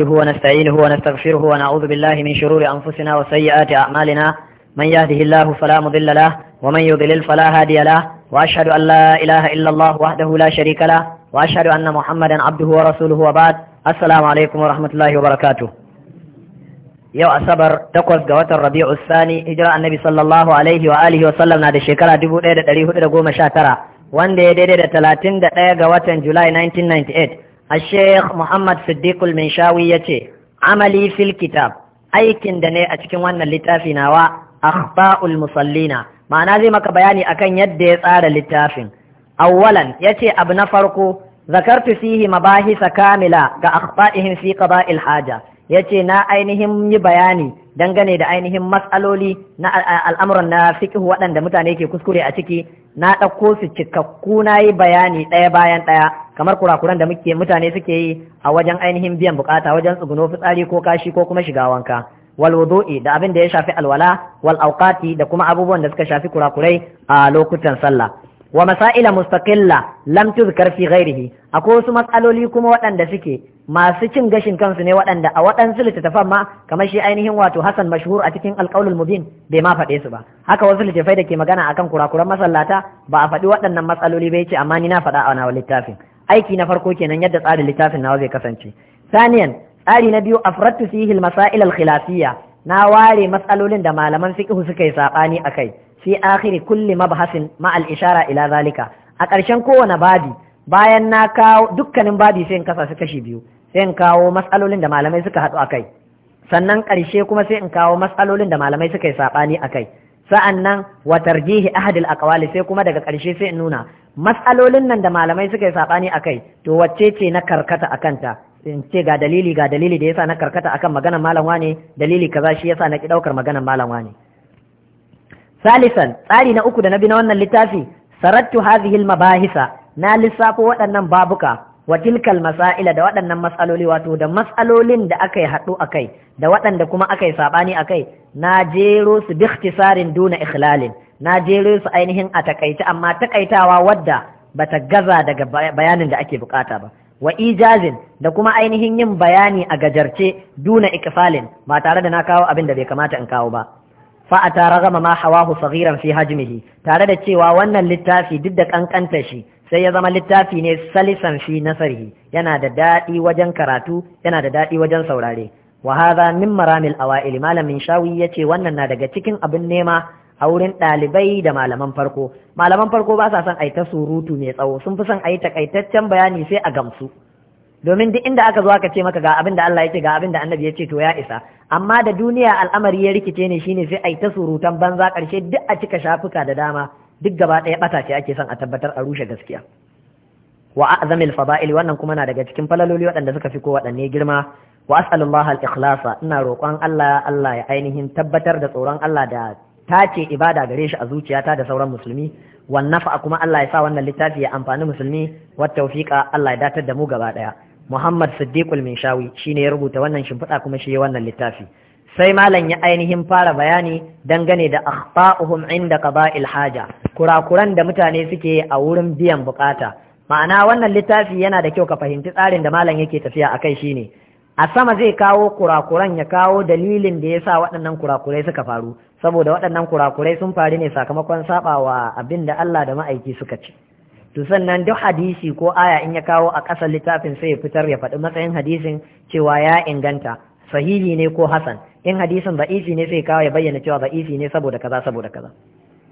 نحمده ونستعينه ونستغفره ونعوذ بالله من شرور أنفسنا وسيئات أعمالنا من يهده الله فلا مضل له ومن يضلل فلا هادي له وأشهد أن لا إله إلا الله وحده لا شريك له وأشهد أن محمدا عبده ورسوله وبعد السلام عليكم ورحمة الله وبركاته يو أصبر تقوز قوات الربيع الثاني هجرة النبي صلى الله عليه وآله وسلم نادي شكرا دبو ديدة دليه دقوم شاترا وان ديدة دلاتين دقيقة واتن جولاي 1998 الشيخ محمد صديق المنشاوي يتي عملي في الكتاب aikin da ne a cikin wannan littafi nawa akhta'ul musallina ma'ana zai maka bayani akan yadda ya tsara littafin awwalan yace abu na farko zakartu fihi mabahisa kamila ga akhta'ihim fi qada'il haja yace na ainihin yi bayani dangane da ainihin matsaloli na al'amuran na fiqh waɗanda mutane ke kuskure a ciki na ɗauko su cikakku na yi bayani ɗaya bayan ɗaya kamar kurakuran da muke mutane suke yi a wajen ainihin biyan bukata wajen tsuguno fitsari ko kashi ko kuma shiga wanka wal wudu'i da abin da ya shafi alwala wal da kuma abubuwan da suka shafi kurakurai a lokutan sallah wa masaila mustaqilla lam tuzkar fi ghairihi akwai wasu matsaloli kuma waɗanda suke masu cin gashin kansu ne waɗanda a waɗansu littattafan ma kamar shi ainihin wato Hassan mashhur a cikin alƙaulul mubin bai ma faɗe su ba haka wasu littattafai da ke magana akan kurakuran masallata ba a faɗi waɗannan matsaloli bai ce amma ni na faɗa a wani littafin aiki na farko kenan yadda tsarin littafin nawa zai kasance saniyan tsari na biyu afrattu fihi al-masail al-khilafiyya na ware matsalolin da malaman fiqh suka yi sabani akai fi akhiri kulli mabhasin ma al-ishara ila zalika a ƙarshen kowane babi bayan na kawo dukkanin babi sai in kasa su kashi biyu sai in kawo matsalolin da malamai suka haɗu akai sannan ƙarshe kuma sai in kawo matsalolin da malamai suka yi sabani akai sa'annan wa tarjihi ahadil aqwali sai kuma daga ƙarshe sai in nuna matsalolin nan da malamai suka yi sabani akai to wacce ce na karkata akanta in ce ga dalili ga dalili da yasa na karkata akan maganar malam wane dalili kaza shi yasa na ki daukar maganar malam wane salisan tsari na uku da na bi na wannan littafi sarattu hadhihi al mabahisa na lissafo waɗannan babuka wa tilkal masa'ila da waɗannan matsaloli wato da matsalolin da aka yi haɗu a da waɗanda kuma aka yi saɓani a na jero su bi ikhtisarin duna ikhlalin na jero su ainihin a takaita amma takaitawa wadda bata gaza daga bayanin da ake bukata ba wa ijazin da kuma ainihin yin bayani a gajarce duna ikfalin ba tare da na kawo abin da bai kamata in kawo ba fa ta ragama ma hawahu saghiran fi hajmihi tare da cewa wannan littafi duk da kankanta shi sai ya zama littafi ne salisan fi nasarihi yana da daɗi wajen karatu yana da daɗi wajen saurare wa hadha min maramil awail malamin shawi yace wannan na daga cikin abin nema a wurin ɗalibai da malaman farko malaman farko ba sa son a yi ta surutu mai tsawo sun fi son a yi takaitaccen bayani sai a gamsu domin duk inda aka zo aka ce maka ga abin da Allah ya ga abin da annabi ya ce to ya isa amma da duniya al'amari ya rikice ne shine sai ai ta surutan banza karshe duk a cika shafuka da dama duk gaba ɗaya bata ce ake son a tabbatar a rushe gaskiya wa azamil fada'il wannan kuma na daga cikin falaloli waɗanda suka fi ko waɗanne girma wa as'alullah al-ikhlasa ina roƙon Allah Allah ya ainihin tabbatar da tsoron Allah da tace ibada gare shi a zuciyata da sauran musulmi wannan fa kuma Allah ya sa wannan littafi ya amfani musulmi wa tawfiqa Allah ya datar da mu gaba ɗaya Muhammad Siddiqul Minshawi ne ya rubuta wannan shimfiɗa kuma shi ya wannan littafi sai malam ya ainihin fara bayani dangane da akhta'uhum inda ba haja kurakuran da mutane suke a wurin biyan bukata ma'ana wannan littafi yana da kyau ka fahimci tsarin da malam yake tafiya a shi ne. a sama zai kawo kurakuran ya kawo dalilin da ya sa waɗannan kurakurai suka faru saboda waɗannan kurakurai sun faru ne sakamakon saɓawa abin da Allah da ma'aiki suka ci. to sannan duk hadisi ko aya in ya kawo a ƙasar littafin sai ya fitar ya faɗi matsayin hadisin cewa ya inganta sahihi ne ko hasan in hadisin da'ifi ne sai kawo ya bayyana cewa da'ifi ne saboda kaza saboda kaza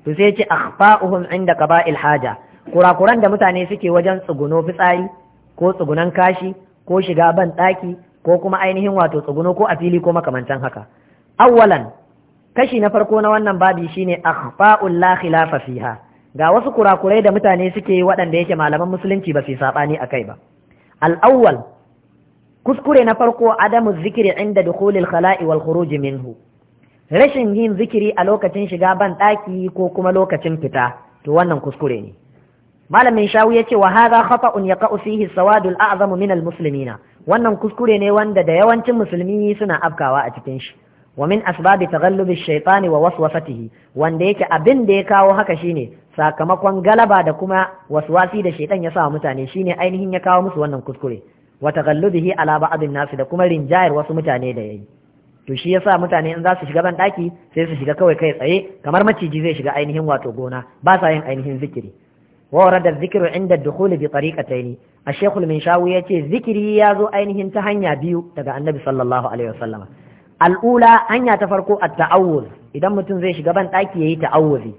to sai ce akhfa'uhum inda qaba'il haja kurakuran da mutane suke wajen tsuguno fitsari ko tsugunan kashi ko shiga ban ɗaki ko kuma ainihin wato tsuguno ko a fili ko makamantan haka awwalan kashi na farko na wannan babi shine akhfa'ul la khilafa fiha ga wasu kurakurai da mutane suke yi waɗanda yake malaman musulunci ba su saɓani a kai ba al'awwal kuskure na farko adamu zikiri inda kulil khala'i wal minhu rashin yin zikiri a lokacin shiga ban ɗaki ko kuma lokacin fita to wannan kuskure ne malamin shawu ya ce wa hadha khata'un yaqa'u fihi sawadul a'zamu min al muslimina wannan kuskure ne wanda da yawancin musulmi suna afkawa a cikin shi wa min asbabi taghallubi shaytani wa tihi wanda yake abin da ya kawo haka shine sakamakon galaba da kuma waswasi da shaiɗan ya sa mutane shine ainihin ya kawo musu wannan kuskure wa taghallubihi alaba abin nasu da kuma rinjayar wasu mutane da ya yi to shi yasa mutane in za su shiga banɗaki sai su shiga kawai kai tsaye kamar maciji zai shiga ainihin wato gona ba yin ainihin zikiri وورد الذكر عند الدخول بطريقتين الشيخ المنشاوي ya ce zikiri ya zo ainihin ta النبي biyu daga Annabi وسلم al'ula hanya ta farko a ta'awuz idan mutum zai shiga ban ɗaki ya yi ta'awuzi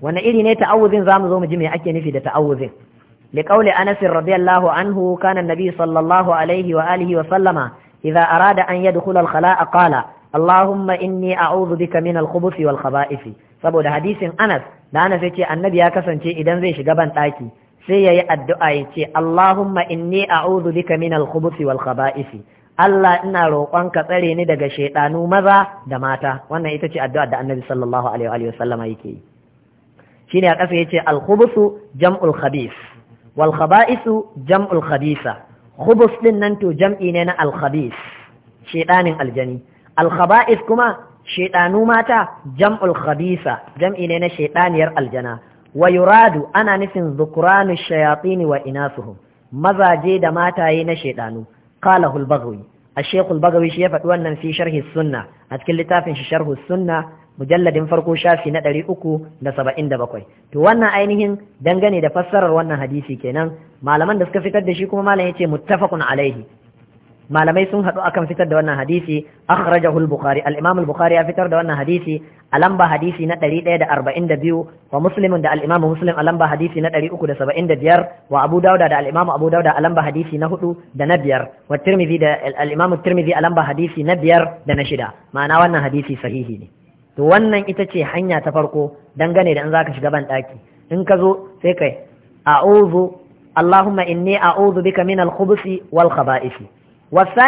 wani iri ne ta'awuzin za mu zo mu ji me ake nufi da ta'awuzin لقول أنس رضي الله عنه كان arada صلى الله عليه kala وسلم إذا أراد أن يدخل الخلاء قال اللهم إني أعوذ بك من saboda hadisin Anas da Anas yace annabi ya kasance idan zai shiga ban daki sai yayi addu'a yace Allahumma inni a'udhu bika min al-khubuthi wal khaba'ith Allah ina roƙon ka tsare ni daga shaiɗanu maza da mata wannan ita ce addu'a da annabi sallallahu alaihi wa yake yi shine a ƙasa yace al-khubusu jam'ul khabith wal khaba'isu jam'ul khabisa khubus din nan to jam'i ne na al-khabith shaidanin aljani al-khaba'is kuma shaiɗanu mata jam'ul khabisa jam'i ne na shaidaniyar aljana wa yuradu ana nufin zukuranu shayatini wa inasuhum mazaje da mataye na shaiɗanu. qalahu al-baghawi الشيخ البغوي شيخ فدوان في a cikin littafin shi sharhu sunna, mujalladin farko shafi na ɗari uku da saba'in da bakwai to wannan ainihin dangane da fassarar wannan hadisi kenan malaman da suka fitar da shi kuma malam yace muttafaqun alaihi malamai sun haɗu akan fitar da wannan hadisi akhrajahu al-bukhari al-imam al-bukhari ya fitar da wannan hadisi a lamba hadisi na 142 wa muslimun da al-imam muslim a lamba hadisi na 375 wa abu dauda da al-imam abu dauda a lamba hadisi na 4 da na 5 wa tirmidhi da al-imam tirmidhi a lamba hadisi na 5 da na 6 ma'ana wannan hadisi sahihi ne to wannan ita ce hanya ta farko dangane da in zaka shiga ban daki in ka zo sai kai a'udhu Allahumma inni a'udhu bika min al-khubuthi wal khaba'isi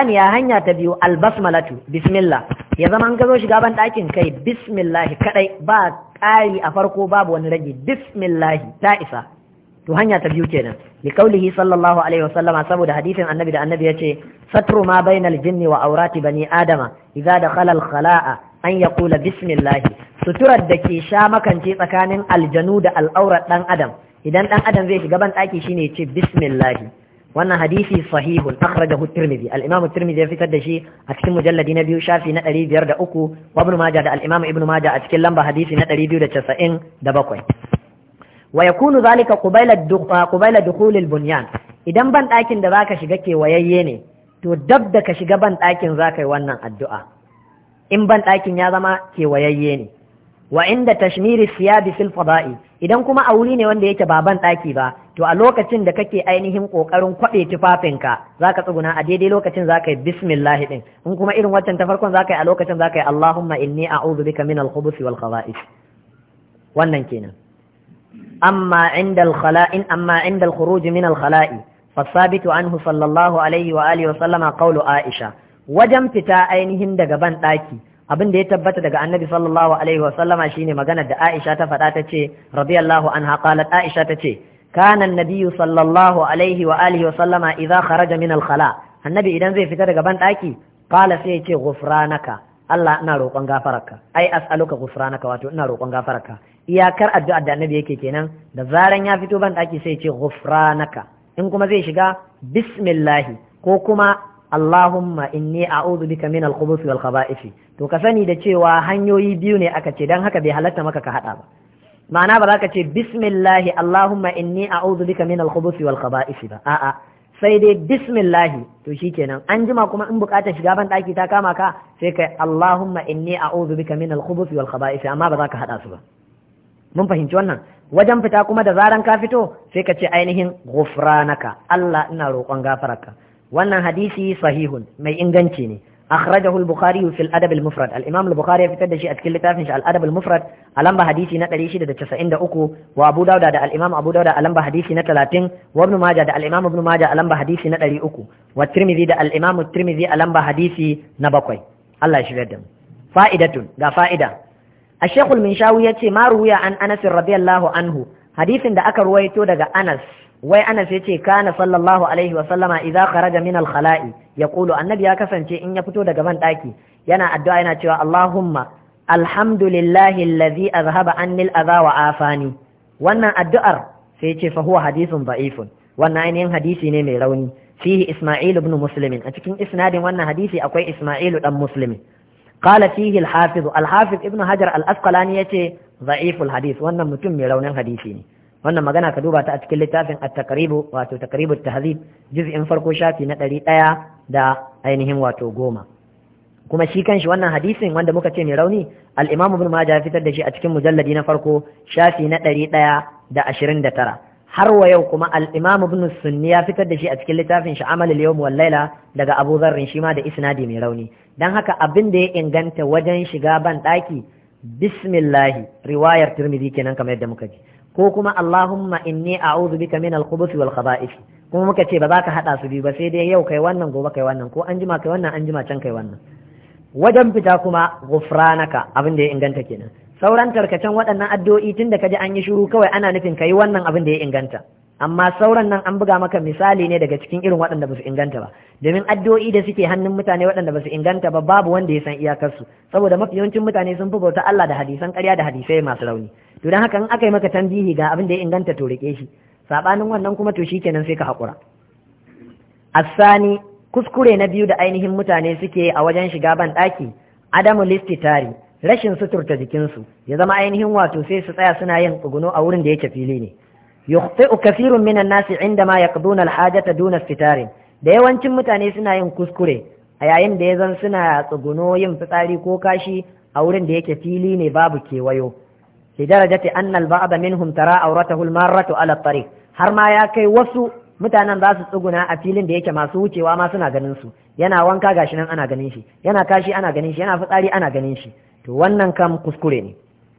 ya hanya ta biyu albasmalatu bismillah ya zama an gazo shiga banɗakin kai bismillah kaɗai ba ƙari a farko babu wani rage bismillah ta isa to hanya ta biyu kenan li kaulihi sallallahu alaihi wasallama saboda hadisin annabi da annabi yace satru ma bainal jinni wa aurati bani adama idza dakhala al khala'a an ya kula bismillah suturar da ke sha makance tsakanin aljanu da al'aurar ɗan adam idan ɗan adam zai shiga banɗaki shine ce bismillah wannan hadisi sahihun akhrajahu tirmidhi al-imam tirmidhi ya fitar da shi a cikin mujalladi na biyu shafi na 503 wa ibn majah da al-imam ibn majah a cikin lamba hadisi na 297 wa yakunu zalika qabila qabila dukhul al-bunyan idan ban da zaka shiga kewayayye ne to dab da ka shiga ban ɗakin zaka yi wannan addu'a in ban ya zama kewayayye ne wa inda tashmiri siyabi fil fada'i idan kuma a wuri ne wanda yake baban ɗaki ba to a lokacin da kake ainihin ƙoƙarin kwaɓe tufafinka za ka tsuguna a daidai lokacin za ka yi bismillah ɗin in kuma irin waccan ta farkon za ka yi a lokacin za ka yi allahumma inni a'udhu bika min al-khubuthi wal khaba'ith wannan kenan amma inda al amma inda al min al-khala'i fasabitu anhu sallallahu alaihi wa alihi wa sallama qawlu aisha wajen fita ainihin daga ban ɗaki abin da ya tabbata daga annabi sallallahu alaihi wa sallama shine magana da Aisha ta faɗa ta ce radiyallahu anha qalat Aisha ta ce kana annabi sallallahu alaihi wa alihi wa sallama idza kharaja min al-khala annabi idan zai fita daga ban daki qala sai ya ce ghufranaka Allah ina roƙon gafararka ai as'aluka ghufranaka wato ina roƙon gafararka iyakar addu'ar da annabi yake kenan da zaran ya fito ban daki sai ya ce ghufranaka in kuma zai shiga bismillah ko kuma Allahumma inni a'udhu bika min al-khubuthi wal khaba'ith to ka sani da cewa hanyoyi biyu ne aka ce don haka bai halatta maka ka haɗa ba ma'ana ba za ka ce bismillahi allahumma inni a'udhu bika min al-khubuthi wal khaba'is ba a'a sai dai bismillahi to shikenan an jima kuma in bukatar shiga ban daki ta kama ka sai kai allahumma inni a'udhu bika min al-khubuthi wal khaba'is amma ba za ka haɗa su ba mun fahimci wannan wajen fita kuma da zaran ka fito sai ka ce ainihin ghufranaka Allah ina roƙon gafararka wannan hadisi sahihun mai inganci ne Akraja al-bukhari fi al-adab bukhari ya fitar da shi a cikin littafin shi al-adab al-mufrad a lamba hadisi na 693 wa abu dauda da al-imam abu dauda a lamba hadisi na 30 wa ibn da al-imam ibn majah a hadisi na da hadisi na Allah ya shigar da mu fa'idatun ga fa'ida الشيخ المنشاوي ما روي عن أنس رضي الله عنه حديث دا أكا رويتو دا أنس وي أنس كان صلى الله عليه وسلم إذا خرج من الخلاء ya kulu annabi ya kasance in ya fito daga man daki yana addu'a yana cewa Allahumma alhamdulillahi allazi azhaba anni al-adha wa afani wannan addu'ar sai ce fa huwa hadithun da'ifun wannan ainihin hadisi ne mai rauni fihi Isma'il ibn Muslim a cikin isnadin wannan hadisi akwai Isma'il dan Muslim qala fihi al-hafiz al-hafiz ibn Hajar al-Asqalani yace da'iful hadith wannan mutum mai raunin hadisi ne wannan magana ka duba ta a cikin littafin at-taqrib wato taqrib at-tahdhib juz'in farko shafi na ɗari ɗaya. da ainihin wato goma kuma shi kanshi wannan hadisin wanda muka ce mai rauni al-Imam Ibn Majah ya fitar da shi a cikin mujalladi na farko shafi na ɗari ɗaya da ashirin da tara har wa yau kuma al-Imam Ibn Sunni ya fitar da shi a cikin littafin shi Amal al-Yawm wal daga Abu Dharr shi ma da isnadi mai rauni dan haka abin da ya inganta wajen shiga ban bismillahi riwayar Tirmidhi kenan kamar yadda muka ji ko kuma Allahumma inni a'udhu bika min al-khubuthi wal khaba'ith kuma muka ce ba za ka haɗa su biyu ba sai dai yau kai wannan gobe kai wannan ko an jima kai wannan an jima can kai wannan wajen fita kuma gufranaka abin da ya inganta kenan sauran tarkacen waɗannan addu'o'i tun da kaji an yi shiru kawai ana nufin kayi wannan abin da ya inganta amma sauran nan an buga maka misali ne daga cikin irin waɗanda ba su inganta ba domin addu'o'i da suke hannun mutane waɗanda ba su inganta ba babu wanda ya san iyakarsu saboda mafi yawancin mutane sun fi bauta Allah da hadisan ƙarya da hadisai masu rauni to don haka in aka yi maka tambihi ga abin da ya inganta to rike shi sabanin wannan kuma to shikenan sai ka haƙura asani kuskure na biyu da ainihin mutane suke a wajen shiga ban ɗaki adamu listitari rashin suturta jikinsu ya zama ainihin wato sai su tsaya suna yin tsuguno a wurin da yake fili ne yukhti'u kathirun minan nasi indama yaqduna alhajata duna istitarin da yawancin mutane suna yin kuskure a yayin da ya zan suna tsuguno yin fitsari ko kashi a wurin da yake fili ne babu kewayo fi darajati anna al-ba'd minhum tara awratahu al-marratu ala tariq har ma ya kai wasu mutanen za su tsuguna a filin da yake masu wucewa ma suna ganin su yana wanka gashi nan ana ganin shi yana kashi ana ganin shi yana fitsari ana ganin shi to wannan kam kuskure ne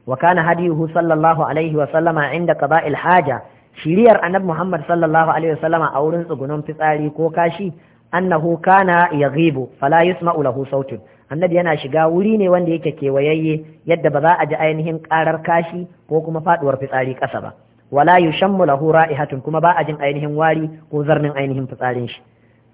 wa kana hadiyuhu sallallahu alaihi wa sallama inda qada'il haja shiriyar annabi Muhammad sallallahu alaihi wa sallama a wurin tsugunan fitsari ko kashi annahu kana yaghibu fala yusma'u lahu sautun annabi yana shiga wuri ne wanda yake kewayayye yadda ba za a ji ainihin karar kashi ko kuma faduwar fitsari kasa ba wala yushammu lahu ra'ihatun kuma ba a jin ainihin wari ko zarnin ainihin fitsarin shi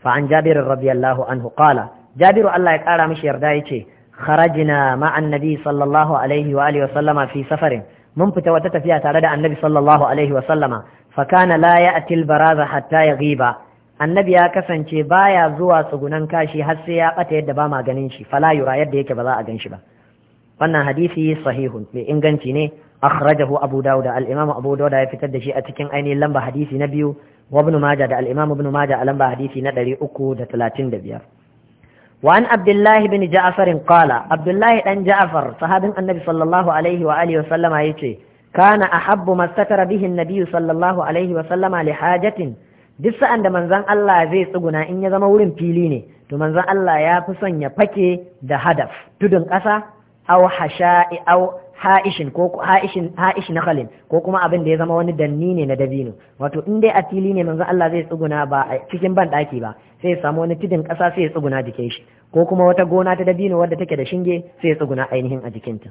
fa an jabir radiyallahu anhu qala jabiru Allah ya kara mishi yarda yace kharajna ma'an annabi sallallahu alaihi wa alihi wa sallama fi safarin mun fita wata tafiya tare da annabi sallallahu alaihi wa sallama fa kana la ya'til baraza hatta yaghiba annabi ya kasance baya zuwa tsugunan kashi har sai ya bata yadda ba ma ganin shi fala yura yadda yake ba za a gan shi ba wannan hadisi sahihun mai inganci ne akhrajahu abu dawud al imam abu ya fitar da shi a cikin ainihin lamba hadisi na biyu wa ibn majah da al imam ibn majah a lamba hadisi na 335 wa an abdullahi bin ja'far qala abdullahi dan ja'far sahabin annabi sallallahu alaihi wa alihi wa sallama yace kana ahabbu mastakara bihi an-nabi sallallahu alaihi wa sallama li hajatin duk sa'an da manzon Allah zai tsuguna in ya zama wurin fili ne to manzon Allah ya fi son ya fake da hadaf tudun ƙasa aw hasha'i aw ha'ishin ko ha'ishin ha'ish ko kuma abin da ya zama wani danni ne na dabino wato in dai a fili ne manzon Allah zai tsuguna ba cikin ban daki ba sai ya samu wani tudun ƙasa sai ya tsuguna jikin shi ko kuma wata gona ta dabino wadda take da shinge sai ya tsuguna ainihin a jikinta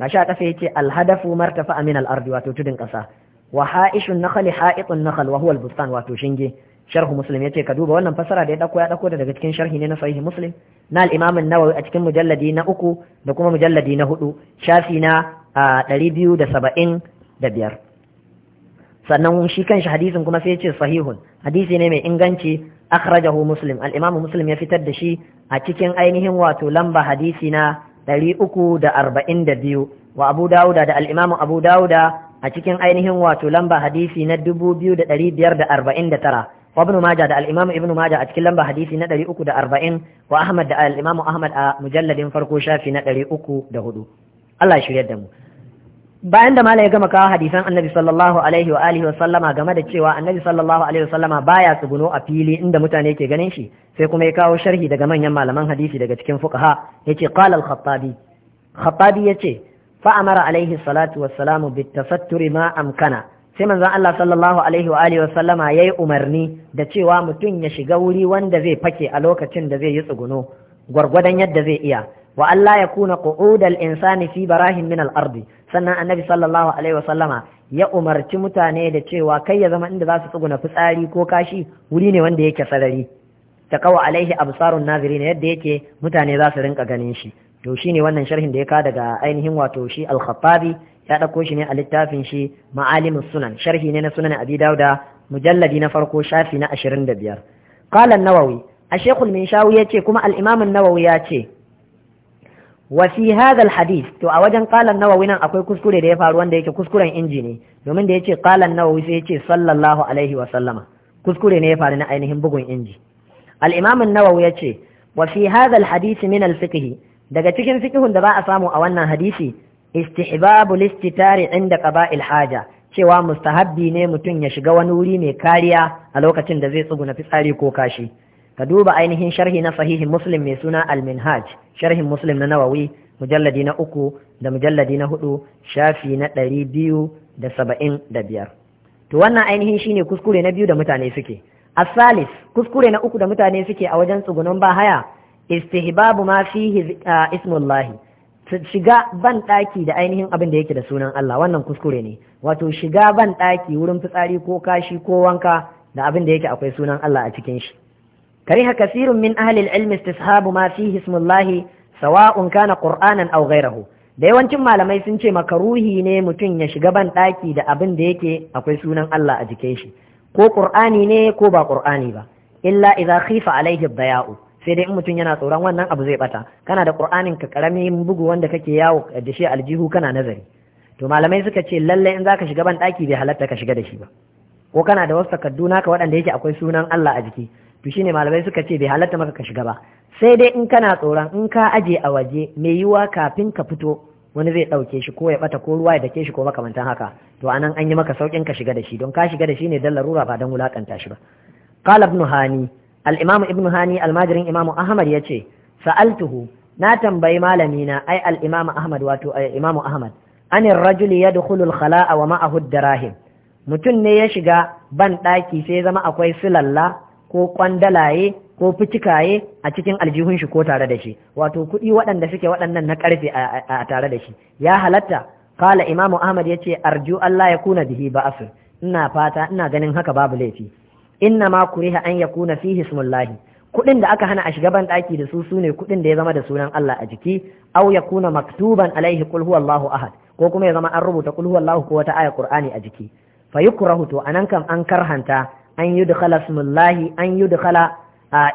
gashi a kasa yace alhadafu martafa min al-ardi wato tudun ƙasa. wa ha'ishun nakhali ha'itun nakhal wa huwa al-bustan wato shinge sharhu muslim yace ka duba wannan fasara da ya dauko ya dauko daga cikin sharhi ne na sahih muslim na al-imam an-nawawi a cikin mujalladi na uku da kuma mujalladi na hudu shafi na 275 sannan shi kanshi hadisin kuma sai yace sahihun hadisi ne mai inganci akhrajahu muslim al-imam muslim ya fitar da shi a cikin ainihin wato lamba hadisi na 342 wa abu dauda da al-imam abu dauda a cikin ainihin wato lamba hadisi na dubu 2549 wa ibn majah da al-imam ibn majah a cikin lamba hadisi na uku 340 wa ahmad da al ahmad a mujalladin farko shafi na uku da hudu. Allah ya shiryar da mu bayan da malai ya gama kawo hadisan annabi sallallahu alaihi wa alihi wa sallama game da cewa annabi sallallahu alaihi wa sallama baya tsuguno a fili inda mutane ke ganin shi sai kuma ya kawo sharhi daga manyan malaman hadisi daga cikin fuqaha yace qala al-khattabi khattabi yace fa amara alaihi salatu wassalamu bitafatturi ma amkana sai manzon Allah sallallahu alaihi wa alihi wasallama yayi umarni da cewa mutum ya shiga wuri wanda zai fake a lokacin da zai yi tsuguno gwargwadon yadda zai iya wa Allah ya kuna qu'udal insani fi barahin min al-ardi sannan annabi sallallahu alaihi sallama ya umarci mutane da cewa kai ya zama inda za su tsuguna fitsari ko kashi wuri ne wanda yake sarari ta kawo alaihi absarun nazirin yadda yake mutane za su rinka ganin shi to ne wannan sharhin da ya ka daga ainihin wato shi al ya ɗauko shi ne a littafin shi ma'alimin sunan sharhi ne na sunan abi dauda mujalladi na farko shafi na ashirin da biyar qala nawawi a shekul minshawi ya ce kuma al nawawi ya ce wa fi hadha to a wajen qala nawawi nan akwai kuskure da ya faru wanda yake kuskuren inji ne domin da yace qala nawawi sai yace sallallahu alaihi wa sallama kuskure ne ya faru na ainihin bugun inji Al'imamin nawawi ya ce wa fi hadha min al daga cikin fiqhun da ba a samu a wannan hadisi istihbabu listitari inda qaba'il haja cewa mustahabbi ne mutum ya shiga wani wuri mai kariya a lokacin da zai tsuguna fitsari ko kashi ka duba ainihin sharhi na sahihin muslim mai suna al-minhaj sharhin muslim na nawawi mujalladi na uku da mujalladi na hudu shafi na ɗari biyu da saba'in da biyar to wannan ainihin shine kuskure na biyu da mutane suke asalis kuskure na uku da mutane suke a wajen tsugunan bahaya istihbabu ma fihi ah, ismullahi shiga banɗaki da ainihin abin da yake da sunan Allah wannan kuskure ne wato shiga banɗaki wurin fitsari ko kashi ko wanka da abin da yake akwai sunan Allah a cikin shi kariha kasirun min ahli al-ilm istishabu ma fihi ismullahi sawa'un kana qur'anan aw ghayrahu da yawancin malamai sun ce makaruhi ne mutum ya shiga banɗaki da abin da yake akwai sunan Allah a jikin shi ko qur'ani ne ko ba qur'ani ba illa idza khifa alaihi daya'u sai dai in mutum yana tsoron wannan abu zai bata kana da qur'anin ka karamin bugu wanda kake yawo da shi aljihu kana nazari to malamai suka ce lalle in zaka shiga ban daki bai halatta ka shiga da shi ba ko kana da wasu takaddu naka waɗanda yake akwai sunan Allah a jiki to shine malamai suka ce bai halatta maka ka shiga ba sai dai in kana tsoron in ka aje a waje mai yiwa kafin ka fito wani zai ɗauke shi ko ya bata ko ruwa ya dake shi ko makamantan haka to anan an yi maka saukin ka shiga da shi don ka shiga da shi ne dan larura ba dan wulakanta shi ba qala ibn hani al-imam ibn hani almajirin imam ahmad ya yace sa'altuhu na tambayi malami na ai al-imam ahmad wato eh, imam ahmad anir rajuli yadkhulu al-khala'a wa a ad rahim? mutum ne ya shiga banɗaki, sai zama akwai silalla ko kwandalaye ko fitikaye a cikin aljihun shi ko tare da shi wato kuɗi waɗanda suke waɗannan na karfe a tare da shi ya halatta kala imamu ahmad ya ce arju allah ya kuna bihi ba ina fata ina ganin haka babu laifi inna ma kuriha an yakuna fihi ismullahi kuɗin da aka hana a shiga ban da su sune kuɗin da ya zama da sunan Allah a jiki aw yakuna maktuban alaihi qul huwallahu ahad ko kuma ya zama an rubuta qul huwallahu ko wata aya qur'ani a jiki fa yukrahu to anan kam an karhanta an yudkhala ismullahi an yudkhala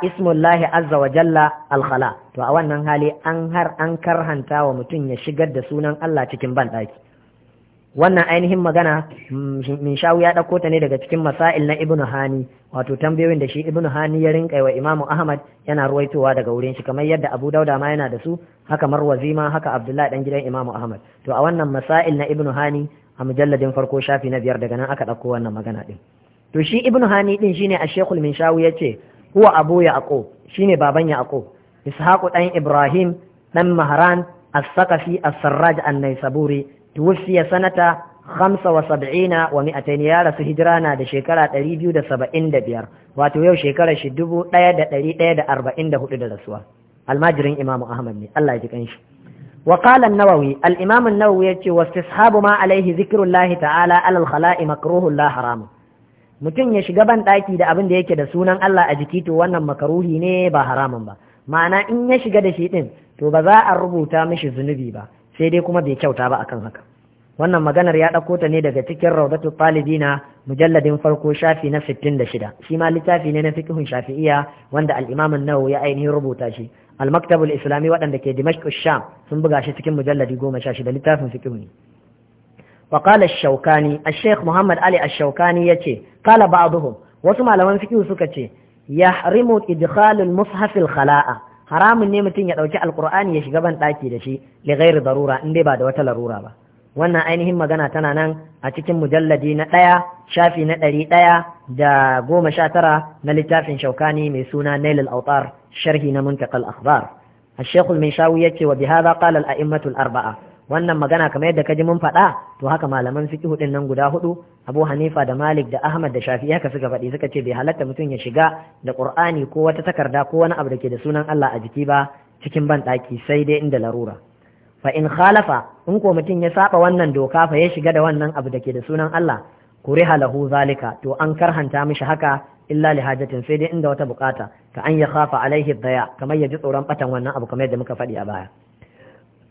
ismullahi azza wa jalla alkhala to a wannan hali an har an karhanta wa mutum ya shigar da sunan Allah cikin ban wannan ainihin magana mm, min shawu ya ɗauko ta ne daga cikin masail na ibnu hani wato tambayoyin da shi ibnu hani ya rinka wa imamu ahmad yana ruwaitowa daga wurin shi kamar yadda abu dauda ma yana da su haka marwazi ma haka abdullahi dan gidan imamu ahmad to a wannan masail na ibnu hani a mujalladin farko shafi na biyar daga nan aka ɗauko wannan magana ɗin to shi ibnu hani ɗin shine a shekul min shawu ya ce huwa abu yaqub shine baban yaqub ishaqu dan ibrahim dan mahran as-saqafi as-sarraj an-naisaburi tuwusiya sanata hamsa wa sab'ina wa mi'atain ya rasu hijira na da shekara ɗari biyu da saba'in da biyar wato yau shekara shi dubu ɗaya da ɗari ɗaya da arba'in da hudu da rasuwa almajirin imamu ahmad ne allah ya ji kanshi wa qala an-nawawi al-imam an-nawawi yace wa istishabu ma alaihi zikrullahi ta'ala alal khala'i makruhun la haram mutum ya shiga ban da abin da yake da sunan Allah a jiki to wannan makaruhi ne ba haramun ba ma'ana in ya shiga da shi ɗin to ba za a rubuta mishi zunubi ba sai dai kuma bai kyauta ba akan haka wannan maganar ya ɗauko ta ne daga cikin raudatul talibina mujalladin farko shafi na 66 shi ma littafi ne na fikihun shafi'iyya wanda al-imam an-nawawi ya ainihin rubuta shi al-maktabul islami waɗanda ke dimashq sham sun buga shi cikin mujalladi 16 littafin fikihu ne wa qala ash-shawkani ash-shaykh muhammad ali ash-shawkani yace ba ba'dhum wasu malaman fikihu suka ce yahrimu idkhalul mushaf al-khala'a haramun ne mutum ya ɗauki alkur'ani ya shiga ban ɗaki da shi li ghairi darura in dai ba da wata larura ba wannan ainihin magana tana nan a cikin mujalladi na ɗaya shafi na ɗari ɗaya da goma sha tara na littafin shaukani mai suna nailul autar sharhi na muntakal akhbar الشيخ المنشاوي يتي وبهذا قال الأئمة الأربعة wannan magana kamar yadda kaji mun faɗa to haka malaman fiqh din nan guda hudu Abu Hanifa da Malik da Ahmad da Shafi'i haka suka faɗi suka ce bai halatta mutum ya shiga da Qur'ani ko wata takarda ko wani abu da ke da sunan Allah a jiki ba cikin ban sai dai inda larura fa in khalafa in ko mutum ya saba wannan doka fa ya shiga da wannan abu da ke da sunan Allah kuriha lahu zalika to an karhanta mishi haka illa li hajatin sai dai inda wata bukata ka an ya khafa alaihi daya kamar ya ji tsoron batan wannan abu kamar yadda muka faɗi a baya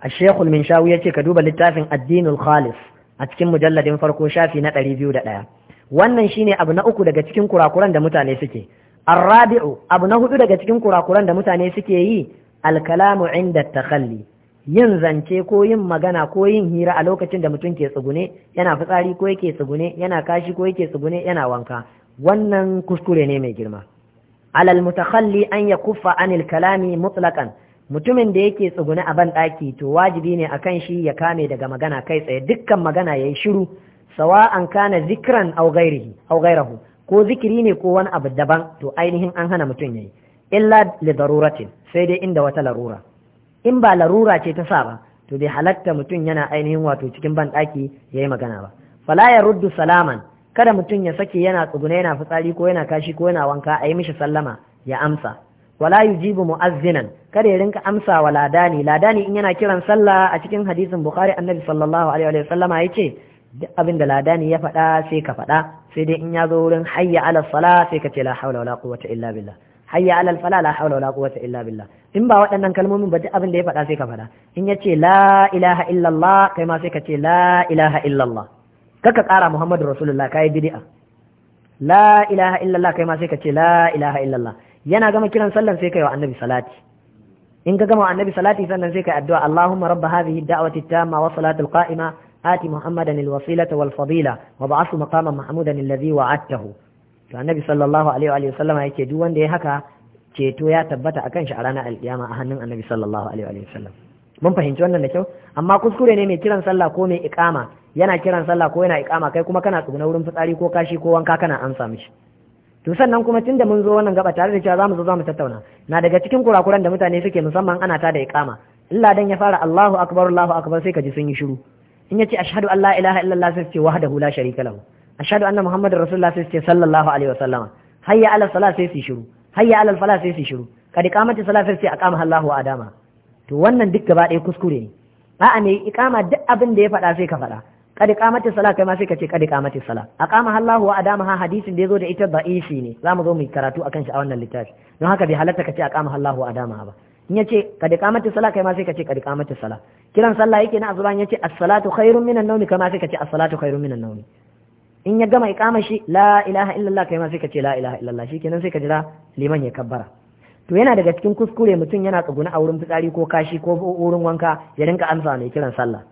a shekul shawu ya ce ka duba littafin addinul khalis a cikin mujalladin farko shafi na ɗari biyu da ɗaya wannan shine abu na uku daga cikin kurakuran da mutane suke arrabi'u abu na hudu daga cikin kurakuran da mutane suke yi alkalamu inda takhalli yin zance ko yin magana ko yin hira a lokacin da mutum ke tsugune yana fitsari ko yake tsugune yana kashi ko yake tsugune yana wanka wannan kuskure ne mai girma alal mutakhalli an yakuffa anil kalami mutlaqan mutumin da yake tsugune a ban ɗaki to wajibi ne akan shi ya kame daga magana kai tsaye dukkan magana ya yi shiru sawa an kana zikiran au gairahu ko zikiri ne ko wani abu daban to ainihin an hana mutum ya yi. illa li daruratin sai dai inda wata larura in ba larura ce ta sa ba to bai halatta mutum yana ainihin wato cikin ban ɗaki yi magana ba fala ya ruddu salaman kada mutum ya sake yana tsugune yana fitsari ko yana kashi ko yana wanka a yi mishi sallama ya amsa wala yujibu mu'azzinan kada ya rinka amsa wa ladani ladani in yana kiran sallah a cikin hadisin bukhari annabi sallallahu alaihi wa sallama yace duk abin da ladani ya faɗa sai ka faɗa sai dai in ya zo wurin hayya ala sala sai ka ce la haula wala quwwata illa billah hayya ala fala la haula wala quwwata illa billah in ba waɗannan kalmomin ba duk abin da ya faɗa sai ka faɗa in ya ce la ilaha illallah kai ma sai ka ce la ilaha illallah kaka ƙara muhammadu rasulullah kai bid'a la ilaha illallah kai ma sai ka ce la ilaha illallah yana gama kiran sallan sai kai wa annabi salati in ka gama wa annabi salati sannan sai kai addu'a Allahumma rabb hadhihi ad-da'wati at-tamma wa salati al-qa'ima ati Muhammadan al-wasilata wal fadila wa ba'athu maqaman mahmudan alladhi wa'adtahu to annabi sallallahu alaihi wa sallama yake duk wanda ya haka ceto ya tabbata akan shi a ranar alkiyama a hannun annabi sallallahu alaihi wa sallam mun fahimci wannan da kyau amma kuskure ne mai kiran sallah ko mai iqama yana kiran sallah ko yana iqama kai kuma kana tsuguna wurin fitsari ko kashi ko wanka kana amsa mishi to sannan kuma tunda mun zo wannan gaba tare da cewa zamu zo zamu tattauna na daga cikin kurakuran da mutane suke musamman ana ta da iqama illa dan ya fara Allahu akbar Allahu akbar sai ka ji sun yi shiru in yace ashhadu an la ilaha illallah sai ce wahdahu la sharika lahu ashhadu anna muhammadar rasulullah sai ce sallallahu alaihi wasallam hayya ala salat sai su shiru hayya ala falah sai su shiru kad iqamati salat sai aqama Allahu adama to wannan duk gaba ɗaya kuskure ne a'a ne iqama duk abin da ya faɗa sai ka faɗa kada kamatin sala kai ma sai ka ce kad qamati sala aqama Allahu wa Adama ha hadisin da yazo da ita da'ifi ne zamu zo mu yi karatu akan shi a wannan littafi don haka bai halatta ka ce aqama Allahu wa adama ba in yace kada kamatin sala kai ma sai ka ce kad qamati sala kiran sallah yake na azuban yace as-salatu khairun minan nawmi kai ma sai ka ce as-salatu khairun minan nawmi in ya gama iqama shi la ilaha illallah kai ma sai ka ce la ilaha illallah shikenan sai ka jira liman ya kabbara to yana daga cikin kuskure mutum yana tsuguna a wurin fitsari ko kashi ko wurin wanka ya rinka amsa mai kiran sallah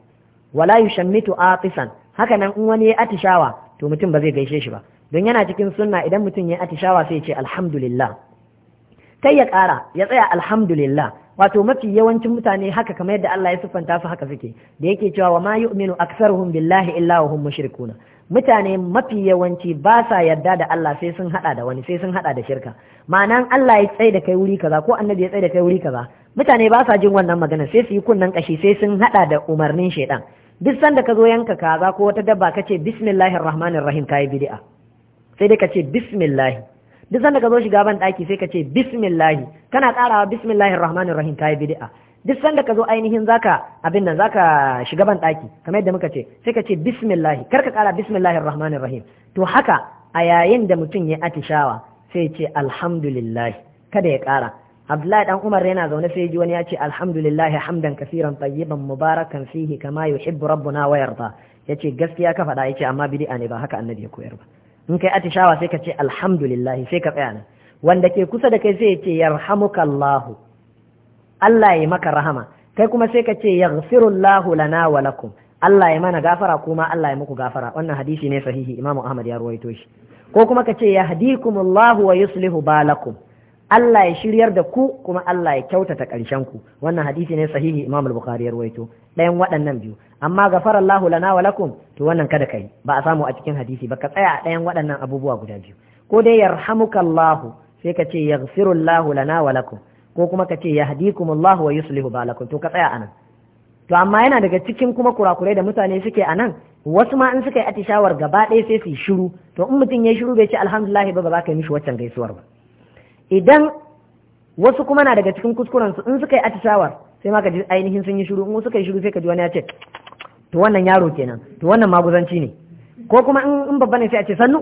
wala yushammitu atisan haka nan in wani ya atishawa to mutum ba zai gaishe shi ba don yana cikin sunna idan mutum ya atishawa sai ce alhamdulillah kai ya kara ya tsaya alhamdulillah wato mafi yawancin mutane haka kamar yadda Allah ya siffanta su haka suke da yake cewa wa ma yu'minu aktsaruhum billahi illa wa hum mushrikuna mutane mafi yawanci ba sa yarda da Allah sai sun hada da wani sai sun hada da shirka ma'anan Allah ya tsaye da kai wuri kaza ko annabi ya tsaye da kai wuri kaza mutane ba sa jin wannan magana sai su yi kunnen kashi sai sun hada da umarnin shaidan duk sanda ka zo yanka kaza ko wata dabba ka ce bismillahir rahmanir rahim kai bid'a sai dai ka ce bismillah duk sanda ka zo shiga ban daki sai ka ce bismillah kana karawa bismillahir rahmanir rahim kai bid'a duk sanda ka zo ainihin zaka abin nan zaka shiga ban daki kamar yadda muka ce sai ka ce bismillah kar ka kara bismillahir rahmanir rahim to haka a yayin da mutum ya atishawa sai ya ce alhamdulillah kada ya kara Abdullahi dan Umar yana zaune sai ji wani ya ce alhamdulillahi hamdan kafiran tayyiban mubarakan fihi kama yuhibbu rabbuna wa yarda yace gaskiya ka faɗa yace amma bid'a ne ba haka annabi ya koyar ba in kai atishawa sai ka ce alhamdulillahi sai ka tsaya nan wanda ke kusa da kai sai ya ce yarhamukallahu Allah ya maka rahama kai kuma sai ka ce yaghfirullahu lana wa lakum Allah ya mana gafara kuma Allah ya muku gafara wannan hadisi ne sahihi Imam Ahmad ya ruwaito shi ko kuma ka ce yahdikumullahu wa yuslihu balakum Allah ya shiryar da ku kuma Allah ya kyautata ƙarshen ku wannan hadisi ne sahihi Imam al-Bukhari ya rawaito ɗayan waɗannan biyu amma ghafara Allahu lana wa lakum to wannan kada kai ba a samu a cikin hadisi ba ka tsaya a ɗayan waɗannan abubuwa guda biyu ko dai yarhamuka Allahu sai ka ce yaghfiru lana wa lakum ko kuma ka ce yahdikum Allahu wa yuslihu balakum to ka tsaya anan to amma yana daga cikin kuma kurakurai da mutane suke anan wasu ma in suka yi atishawar gaba ɗaya sai su yi shiru to in mutum ya shiru bai ce alhamdulillah ba ba za ka yi mishi waccan gaisuwar ba idan wasu kuma na daga cikin kuskurensu in suka yi atishawar sai ma ka ji ainihin sun yi shiru in suka yi shiru sai ka ji wani ya ce to wannan yaro kenan to wannan maguzanci ne ko kuma in babba ne sai a ce sannu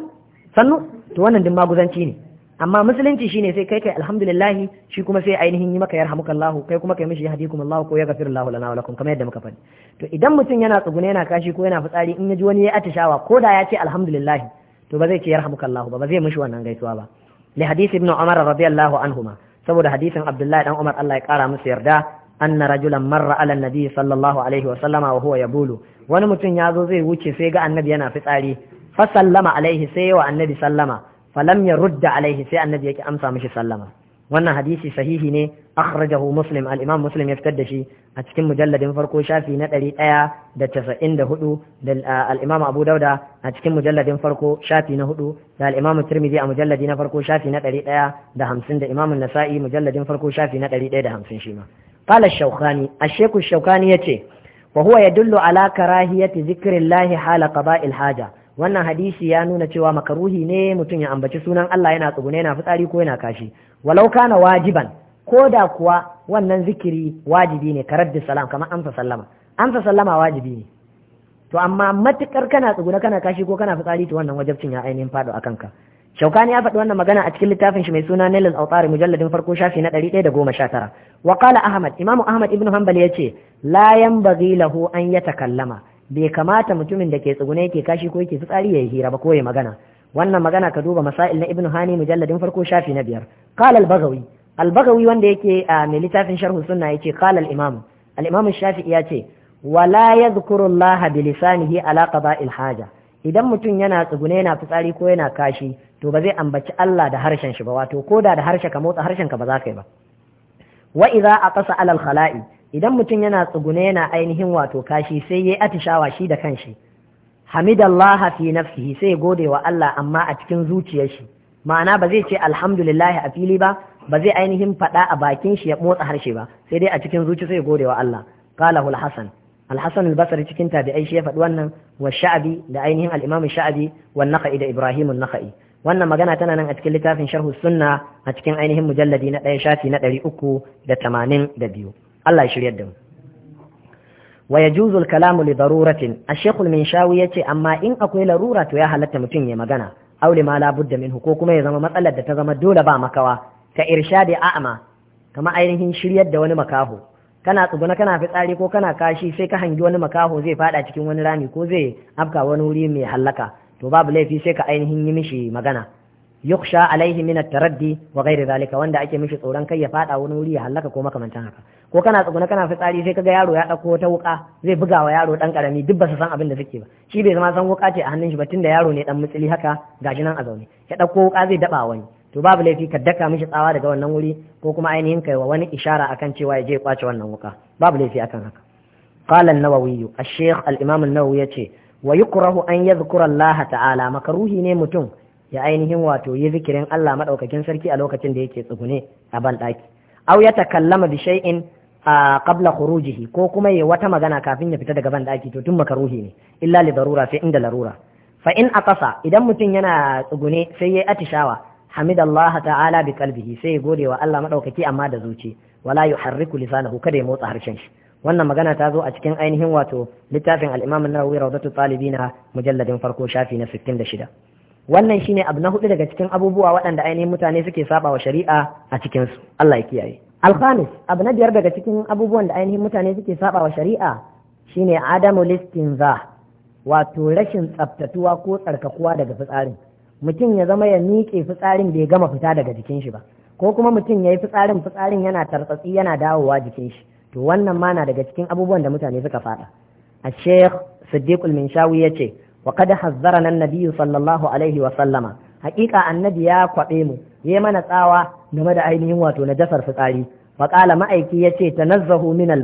sannu to wannan din maguzanci ne amma musulunci shine sai kai kai alhamdulillah shi kuma sai ainihin yi maka yarhamukallahu kai kuma kai mishi Allah ko ya Allah lana wa lakum kamar yadda muka faɗi to idan mutum yana tsugune yana kashi ko yana fitsari in ya ji wani ya atishawa ko da ya ce alhamdulillah to ba zai ce yarhamukallahu ba ba zai mishi wannan gaisuwa ba li hadisi ibn umar radiyallahu anhuma saboda hadisin abdullahi dan umar Allah ya kara musu yarda anna rajulan marra ala nabi sallallahu alaihi wa sallama wa huwa yabulu wani mutum ya zo zai wuce sai ga annabi yana fitsari fa sallama alaihi sai wa annabi sallama falam ya rudda alaihi sai annabi yake amsa mishi sallama wannan hadisi sahihi ne akhrajahu muslim al muslim ya fitar da shi a cikin mujalladin farko shafi na 194 da al-imam abu dauda a cikin mujalladin farko shafi na 4 da al-imam a mujalladi na farko shafi na 150 da imam an-nasa'i mujalladin farko shafi na 150 shi ma qala ash-shawkani ash-shaykh ash-shawkani yace wa huwa wannan hadisi ya nuna cewa makaruhi ne mutum ya ambaci sunan Allah yana tsugune yana fitsari ko yana kashi walau kana wajiban ko da kuwa wannan zikiri wajibi ne ka raddi salam kamar amsa sallama amsa sallama wajibi ne to amma matukar kana tsuguna kana kashi ko kana fitsari to wannan wajabcin ya ainihin fado akan ka shaukani ya faɗi wannan magana a cikin littafin shi mai suna nailul autari mujalladin farko shafi na sha wa qala ahmad imam ahmad ibn hanbal ce la yanbaghi lahu an yatakallama bai kamata mutumin da ke tsuguna yake kashi ko yake fitsari yayi hira ba ko yayi magana wannan magana ka duba masail na ibn hani mujalladin farko shafi na biyar qala al-baghawi albagawi wanda yake a mai littafin sharhu sunna yace qala al imam al imam shafi'i yace wala yadhkuru allaha bi lisanihi ala qada'il haja idan mutum yana tsugune yana fitsari ko yana kashi to ba zai ambaci Allah da harshen shi ba wato koda da harshe ka motsa harshen ka ba za ka yi ba wa idza aqasa alal khala'i idan mutum yana tsugune yana ainihin wato kashi sai yayi atishawa shi da kanshi hamidallaha fi nafsihi sai gode wa Allah amma a cikin zuciyar shi ma'ana ba zai ce alhamdulillah a fili ba ba zai ainihin faɗa a bakin shi ya motsa harshe ba sai dai a cikin zuci sai gode wa Allah qalahu al-hasan al-hasan al-basri cikin tabi'ai shi ya faɗi wannan wa sha'abi da ainihin al-imam sha'abi wa naqai da ibrahim an-naqai wannan magana tana nan a cikin littafin sharh sunna a cikin ainihin mujalladi na ɗaya shafi na ɗari uku da tamanin da biyu Allah ya shiryar da mu wa yajuzu al-kalamu li daruratin ash-shaykh al-minshawi yace amma in akwai larura to ya halatta mutum ya magana aure ma la da minhu ko kuma ya zama matsalar da ta zama dole ba makawa ka irshadi a'ma kama ainihin shiryar da wani makaho kana tsuguna kana fitsari ko kana kashi sai ka hangi wani makaho zai fada cikin wani rami ko zai afka wani wuri mai hallaka to babu laifi sai ka ainihin yi mishi magana yukhsha alaihi min at-taraddi wa ghairi zalika wanda ake mishi tsoron kai ya fada wani wuri ya hallaka ko makamantan haka ko kana tsuguna kana fitsari sai kaga yaro ya dauko ta wuka zai buga wa yaro dan karami duk ba su san abin da suke ba shi bai zama san wuka ce a hannun shi ba tunda yaro ne dan mutsili haka gashi nan a zaune ya dauko wuka zai daba wani to babu laifi ka daka mishi tsawa daga wannan wuri ko kuma ainihin kai wa wani ishara akan cewa ya je kwace wannan wuka babu laifi akan haka qala an-nawawi ash-shaykh al-imam an-nawawi yace wa yukrahu an yadhkura Allah ta'ala makaruhi ne mutum ya ainihin wato yi zikirin Allah madaukakin sarki a lokacin da yake tsugune a ban daki aw ya takallama bi shay'in qabla khurujihi ko kuma ya wata magana kafin ya fita daga ban daki to tun makaruhi ne illa li darura sai inda larura fa in aqasa idan mutum yana tsugune sai yayi atishawa ta ala bi qalbihi sai gode wa Allah madaukaki amma da zuci wala yuharriku lisanahu kada ya motsa harshen shi wannan magana ta zo a cikin ainihin wato littafin al-Imam an-Nawawi Rawdatu mujalladin farko shafi na 66 wannan shine abu na hudu daga cikin abubuwa waɗanda ainihin mutane suke saba wa shari'a a cikin su Allah ya kiyaye al abu na biyar daga cikin abubuwan da ainihin mutane suke saba wa shari'a shine adamu listinza wato rashin tsaftatuwa ko tsarkakuwa daga fitsarin mutum ya zama ya miƙe fitsarin bai gama fita daga jikin shi ba ko kuma mutum ya yi fitsarin fitsarin yana tartsatsi yana dawowa jikin shi to wannan ma na daga cikin abubuwan da mutane suka faɗa a sheikh siddiq al ya ce, wa qad hazzarana an-nabiy sallallahu alaihi wa sallama haƙiƙa annabi ya kwaɓe mu yi mana tsawa game da ainihin wato na dasar fitsari wa qala ma'aiki yace tanazzahu min al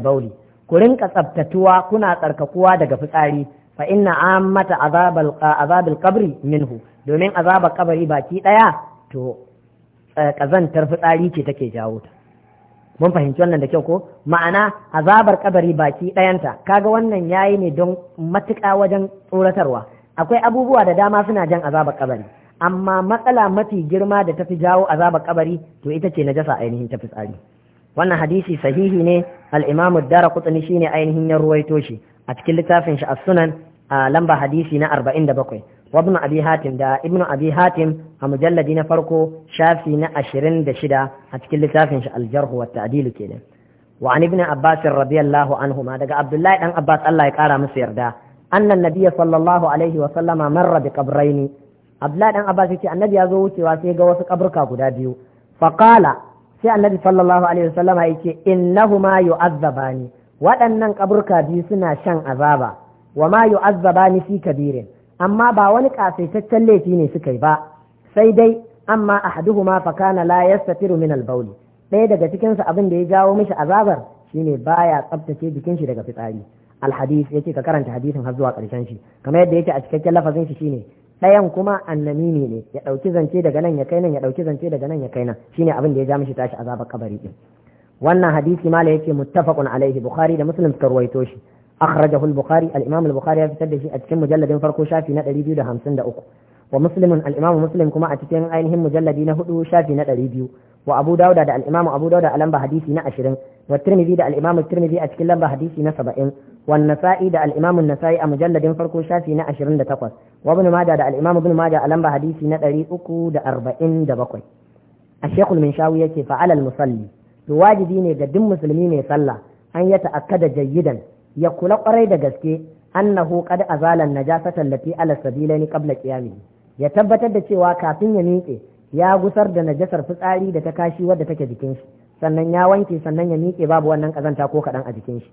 ku rinka tsaftatuwa kuna tsarkakuwa daga fitsari fa inna ammata azabal azabil qabri minhu domin azabar kabari baki ɗaya to eh, ƙazantar fitsari ce take jawo ta mun fahimci wannan da kyau ko ma'ana azabar kabari baki ɗayanta kaga wannan yayi ne don matuƙa wajen tsoratarwa akwai abubuwa da dama suna jan azabar kabari amma matsala mafi girma da tafi jawo azabar kabari to ita ce najasa ainihin ta fitsari wannan hadisi sahihi ne al-imam ad-darqutni shine ainihin ya ruwaito shi a cikin littafin shi as-sunan a lamba hadisi na 47 wa ibn hatim da ibn abi hatim a mujalladi na farko shafi na ashirin da shida a cikin littafin shi aljarhu wa ta'dilu kenan wa ibn abbas radiyallahu anhuma daga abdullahi dan abbas Allah ya kara musu yarda anna nabiyya sallallahu alaihi wa sallama marra bi qabraini abdullahi dan abbas yace annabi ya zo wucewa sai ga wasu kaburka guda biyu fa qala sai annabi sallallahu alaihi wa sallama yace waɗannan kaburka biyu suna shan azaba wa ma yu'azzabani si kabirin amma ba wani kasaitaccen laifi ne suka yi ba sai dai amma ahaduhuma fa kana la yastatiru min al-bawl ɗaya daga cikin su abin da ya jawo mishi azabar shine baya tsaftace jikin shi daga fitsari al-hadith yace ka karanta hadisin har zuwa ƙarshen shi kamar yadda yake a cikakken lafazin shi shine ɗayan kuma annamimi ne ya ɗauki zance daga nan ya kai nan ya ɗauki zance daga nan ya kai nan shine abin da ya ja mishi tashi azabar kabari din wannan hadisi mala yake muttafaqun alaihi bukhari da muslim suka ruwaito shi akhrajahu al-bukhari al ya fitar da shi a cikin mujalladin farko shafi na 253 wa muslimin al-imam muslim kuma a cikin ainihin mujalladi na hudu shafi na 200 wa abu dauda da al abu dauda a lamba hadisi na 20 wa tirmidhi da al-imam a cikin lamba hadisi na 70 wa nasa'i da al nasai a mujalladin farko shafi na 28 wa ibn majah da al-imam a lamba hadisi na 347 الشيخ المنشاوي يكي المصلي wajibi ne ga duk musulmi mai sallah an ya jayyidan ya kula kwarai da gaske annahu qad azala najasata allati ala sabilaini qabla qiyami ya tabbatar da cewa kafin ya miƙe ya gusar da najasar fitsari da ta kashi wadda take jikin shi sannan ya wanke sannan ya miƙe babu wannan kazanta ko kadan a jikin shi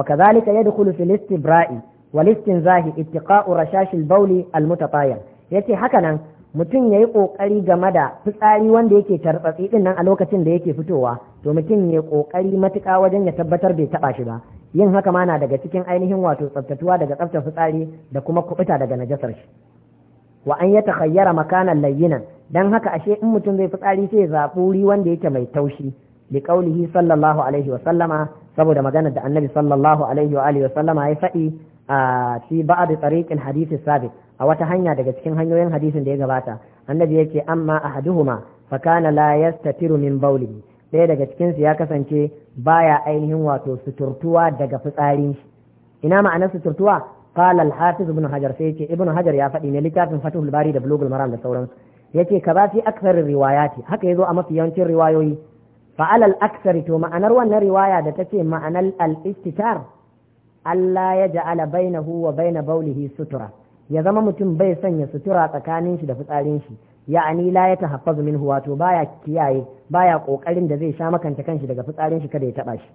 wa kadhalika yadkhulu fil istibra'i wal istinzahi ittiqa'u rashash al bawli al mutatayyan yace haka nan mutum ya yi ƙoƙari game da fitsari wanda yake tarbatsi ɗin nan a lokacin da yake fitowa to mutum ya ƙoƙari matuƙa wajen ya tabbatar bai taba shi ba yin haka ma na daga cikin ainihin wato tsaftatuwa daga tsaftar fitsari da kuma kubuta daga najasar shi wa an ya takhayyara makanan layyinan dan haka ashe in mutum zai fitsari sai zaɓi wuri wanda yake mai taushi li qaulihi sallallahu alaihi wa sallama saboda maganar da annabi sallallahu alaihi wa alihi wa sallama ya faɗi a fi ba'd tariqil hadith sabiq a wata hanya daga cikin hanyoyin hadisin da ya gabata annabi yake amma ahaduhuma fa kana la yastatiru min bawlihi ɗaya daga cikinsu ya kasance baya ainihin wato suturtuwa daga fitsarin ina ma'anar suturtuwa qala al-hafiz ibn hajar sai yace ibn hajar ya faɗi ne littafin fatuhul bari da bulugul maram da sauransu yace ka ba fi aksarin riwayati haka yazo a mafi yawancin riwayoyi fa alal aksari to ma'anar wannan riwaya da tace ma'anar al-istitar Allah ya ja'ala bainahu wa na bawlihi sutura ya zama mutum bai sanya sutura tsakanin shi da fitsarin shi ya'ani la ya tahaffazu minhu wato baya kiyaye baya kokarin da zai sha makanta kanshi daga fitsarin shi kada ya taba shi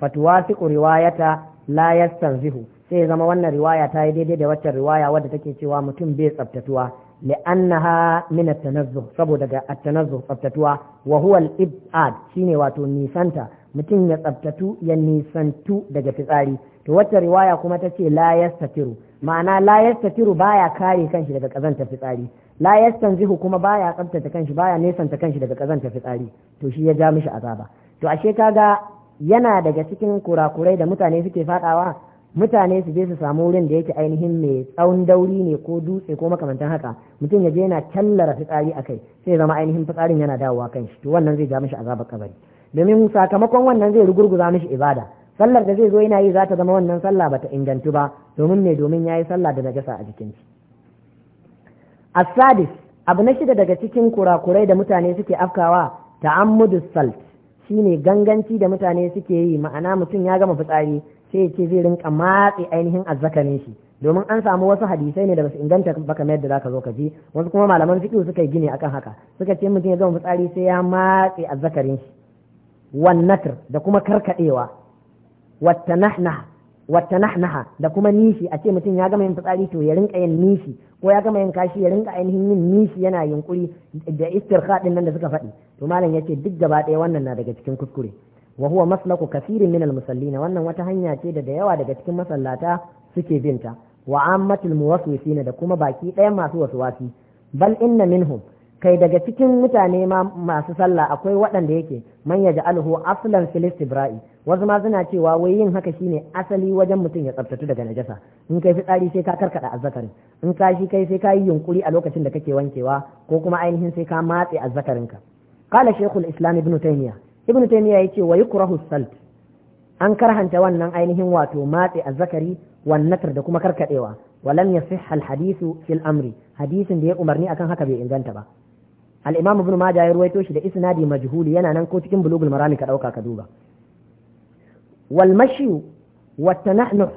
fatuwasiqu riwayata la yastanzihu sai zama wannan riwaya ta yi daidai da waccan riwaya wadda take cewa mutum bai tsaftatuwa li'annaha min at-tanazzuh saboda ga at-tanazzuh tsaftatuwa wa huwa al-ib'ad shine wato nisanta mutum ya tsaftatu ya nisantu daga fitsari to wacce riwaya kuma ta ce la yastatiru ma'ana la yastatiru baya kare kanshi daga kazanta fitsari la yastanzihu kuma baya tsabtace kanshi baya nesanta kanshi daga kazanta fitsari to shi ya ja mishi azaba to ashe kaga yana daga cikin kurakurai da mutane suke fadawa mutane su je su samu wurin da yake ainihin mai tsawon dauri ne ko dutse ko makamantan haka mutum ya je yana tallara fitsari a kai sai zama ainihin fitsarin yana dawowa kan to wannan zai ja mishi azaba kabari domin sakamakon wannan zai rugurguza mishi ibada sallar da zai zo yana yi za ta zama wannan sallah bata ingantu ba domin me domin yayi sallah da najasa a jikin shi asadis abu na shida daga cikin kurakurai da mutane suke afkawa ta'ammudu salt shine ganganci da mutane suke yi ma'ana mutum ya gama fitsari sai ya ce zai rinka matse ainihin azzakarin shi domin an samu wasu hadisai ne da basu inganta ba kamar yadda ka zo ka ji wasu kuma malaman fiqh suka yi gini akan haka suka ce mutum ya gama fitsari sai ya matse azzakarin shi wan da kuma karkadewa wat wata nahnaha da kuma nishi a ce mutum ya gama yin fitsari to ya rinka yin nishi ko ya gama yin kashi ya rinka ainihin yin nishi yana yunkuri da istirha din nan da suka faɗi to malam yace duk gaba ɗaya wannan na daga cikin kuskure wa huwa maslaku kafirin min musallina wannan wata hanya ce da da yawa daga cikin masallata suke binta wa ammatul muwaswisina da kuma baki ɗaya masu waswasi bal inna minhum kai daga cikin mutane ma masu sallah akwai waɗanda yake man ya ja'alhu aslan fil istibra'i wasu ma suna cewa wai yin haka shine asali wajen mutum ya tsaftatu daga najasa in kai fitsari sai ka karkada azzakari in ka shi kai sai ka yi yunkuri a lokacin da kake wankewa ko kuma ainihin sai ka matse azzakarinka qala shaykhul islam ibnu taymiya ibnu taymiya yace wa yukrahu salt an karhanta wannan ainihin wato matse azzakari wan natar da kuma karkadewa walam yasihha al hadithu fil amri hadisin da ya umarni akan haka bai inganta ba al-imam ibn majah ya ruwaito shi da isnadi majhuli yana nan ko cikin bulugul marami ka dauka ka duba wal mashyu wa tanahnu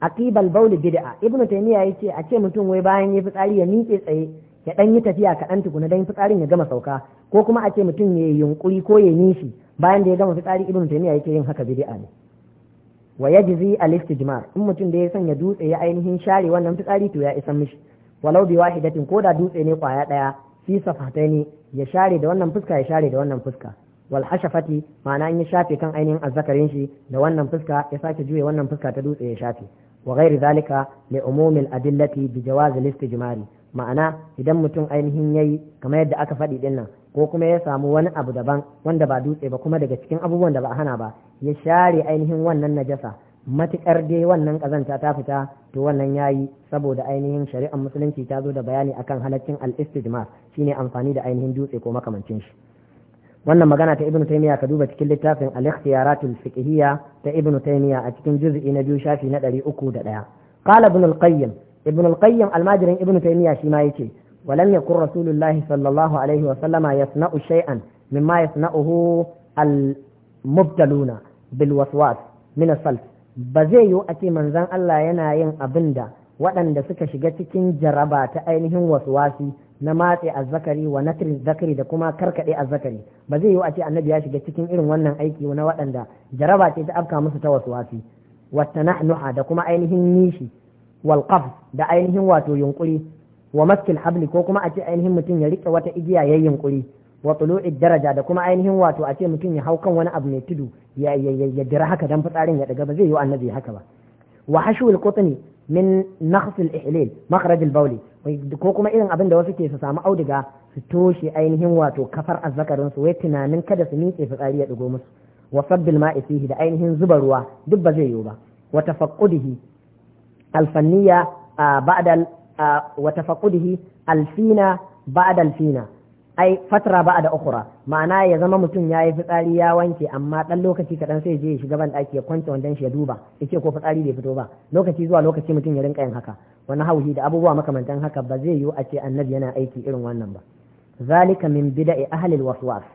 aqiba al-bawl bid'a ibnu taymiya yace a ce mutum wai bayan yi fitsari ya miƙe tsaye ya dan yi tafiya kaɗan tukuna dan tsarin ya gama sauka ko kuma a ce mutum ya yunkuri ko ya nishi bayan da ya gama fitsari ibnu taymiya yake yin haka bid'a ne wa yajzi al-istijmar in mutum da ya sanya dutse ya ainihin share wannan fitsari to ya isa mishi walau bi wahidatin ko da dutse ne kwaya daya fi safataini ya share da wannan fuska ya share da wannan fuska wal hashafati ma'ana in ya shafe kan ainihin azzakarin shi da wannan fuska ya sake juye wannan fuska ta dutse ya shafe wa ghairi zalika li umumil adillati bi jawaz al istijmari ma'ana idan mutum ainihin yayi kamar yadda aka faɗi ɗinnan, ko kuma ya samu wani abu daban wanda ba dutse ba kuma daga cikin abubuwan da ba hana ba ya share ainihin wannan najasa matukar dai wannan kazanta ta fita to wannan yayi saboda ainihin shari'ar musulunci ta zo da bayani akan halaccin al-istijmar shine amfani da ainihin dutse ko makamancin shi wannan magana ta ibnu taymiya ka duba cikin littafin al-ikhtiyaratul fiqhiyya ta ibnu taymiya a cikin juz'i na biyu shafi na 301 qala ibn al-qayyim ibn al-qayyim al-majrin ibnu taymiya shi ma yace ولم يكن رسول الله صلى الله عليه وسلم يصنع شيئا مما يصنعه المبتلون بالوسواس من ba zai yiwu a ce manzon Allah yana yin abin da waɗanda suka shiga cikin jaraba ta ainihin wasi na matse azzakari wa na zakari da kuma karkaɗe azzakari ba zai yiwu a ce annabi ya shiga cikin irin wannan aiki na waɗanda jaraba ce ta afka musu ta wasu. wata nahnuha da kuma ainihin nishi wal da ainihin wato yunkuri wa maskil habli ko kuma a ce ainihin mutum ya riƙe wata igiya yayin yunkuri wa tulu'id daraja da kuma ainihin wato a ce mutum ya hau kan wani abu mai tudu ya ya dira haka dan fitsarin ya daga ba zai yi annabi haka ba wa hashul qutni min naqs ihlil makhraj al ko kuma irin abin da wasu ke su samu auduga su toshe ainihin wato kafar azzakarin su wai tunanin kada su mitse fitsari ya digo musu wa sabbil ma'i fihi da ainihin zuba ruwa duk ba zai yi ba wa tafaqqudihi alfina fanniya ba'da wa tafaqqudihi ba'da ai fatara ba da ukura ma'ana ya zama mutum ya yi fitsari ya wanke amma dan lokaci kaɗan sai je ya shiga ban ya kwanta wandan shi ya duba ce ko fitsari bai fito ba lokaci zuwa lokaci mutum ya rinka yin haka wani hauhi da abubuwa makamantan haka ba zai yiwu a ce annabi yana aiki irin wannan ba zalika min bida'i ahli alwaswas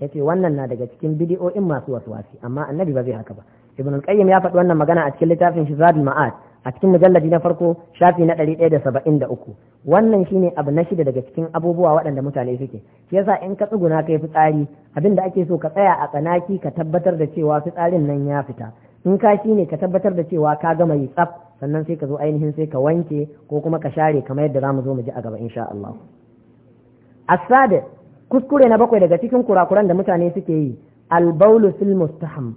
yace wannan na daga cikin in masu waswasi amma annabi ba zai haka ba ibn qayyim ya faɗi wannan magana a cikin littafin shi zadul ma'ad a cikin mujallabi na farko shafi na ɗari ɗaya da saba'in da uku wannan shine abu na shida daga cikin abubuwa waɗanda mutane suke shi yasa in ka tsuguna kai fitsari abin da ake so ka tsaya a tsanaki ka tabbatar da cewa fitsarin nan ya fita in ka shi ne ka tabbatar da cewa ka gama yi tsaf sannan sai ka zo ainihin sai ka wanke ko kuma ka share kamar yadda za mu zo mu ji a gaba insha Allah asad kuskure na bakwai daga cikin kurakuran da mutane suke yi albaulu fil mustaham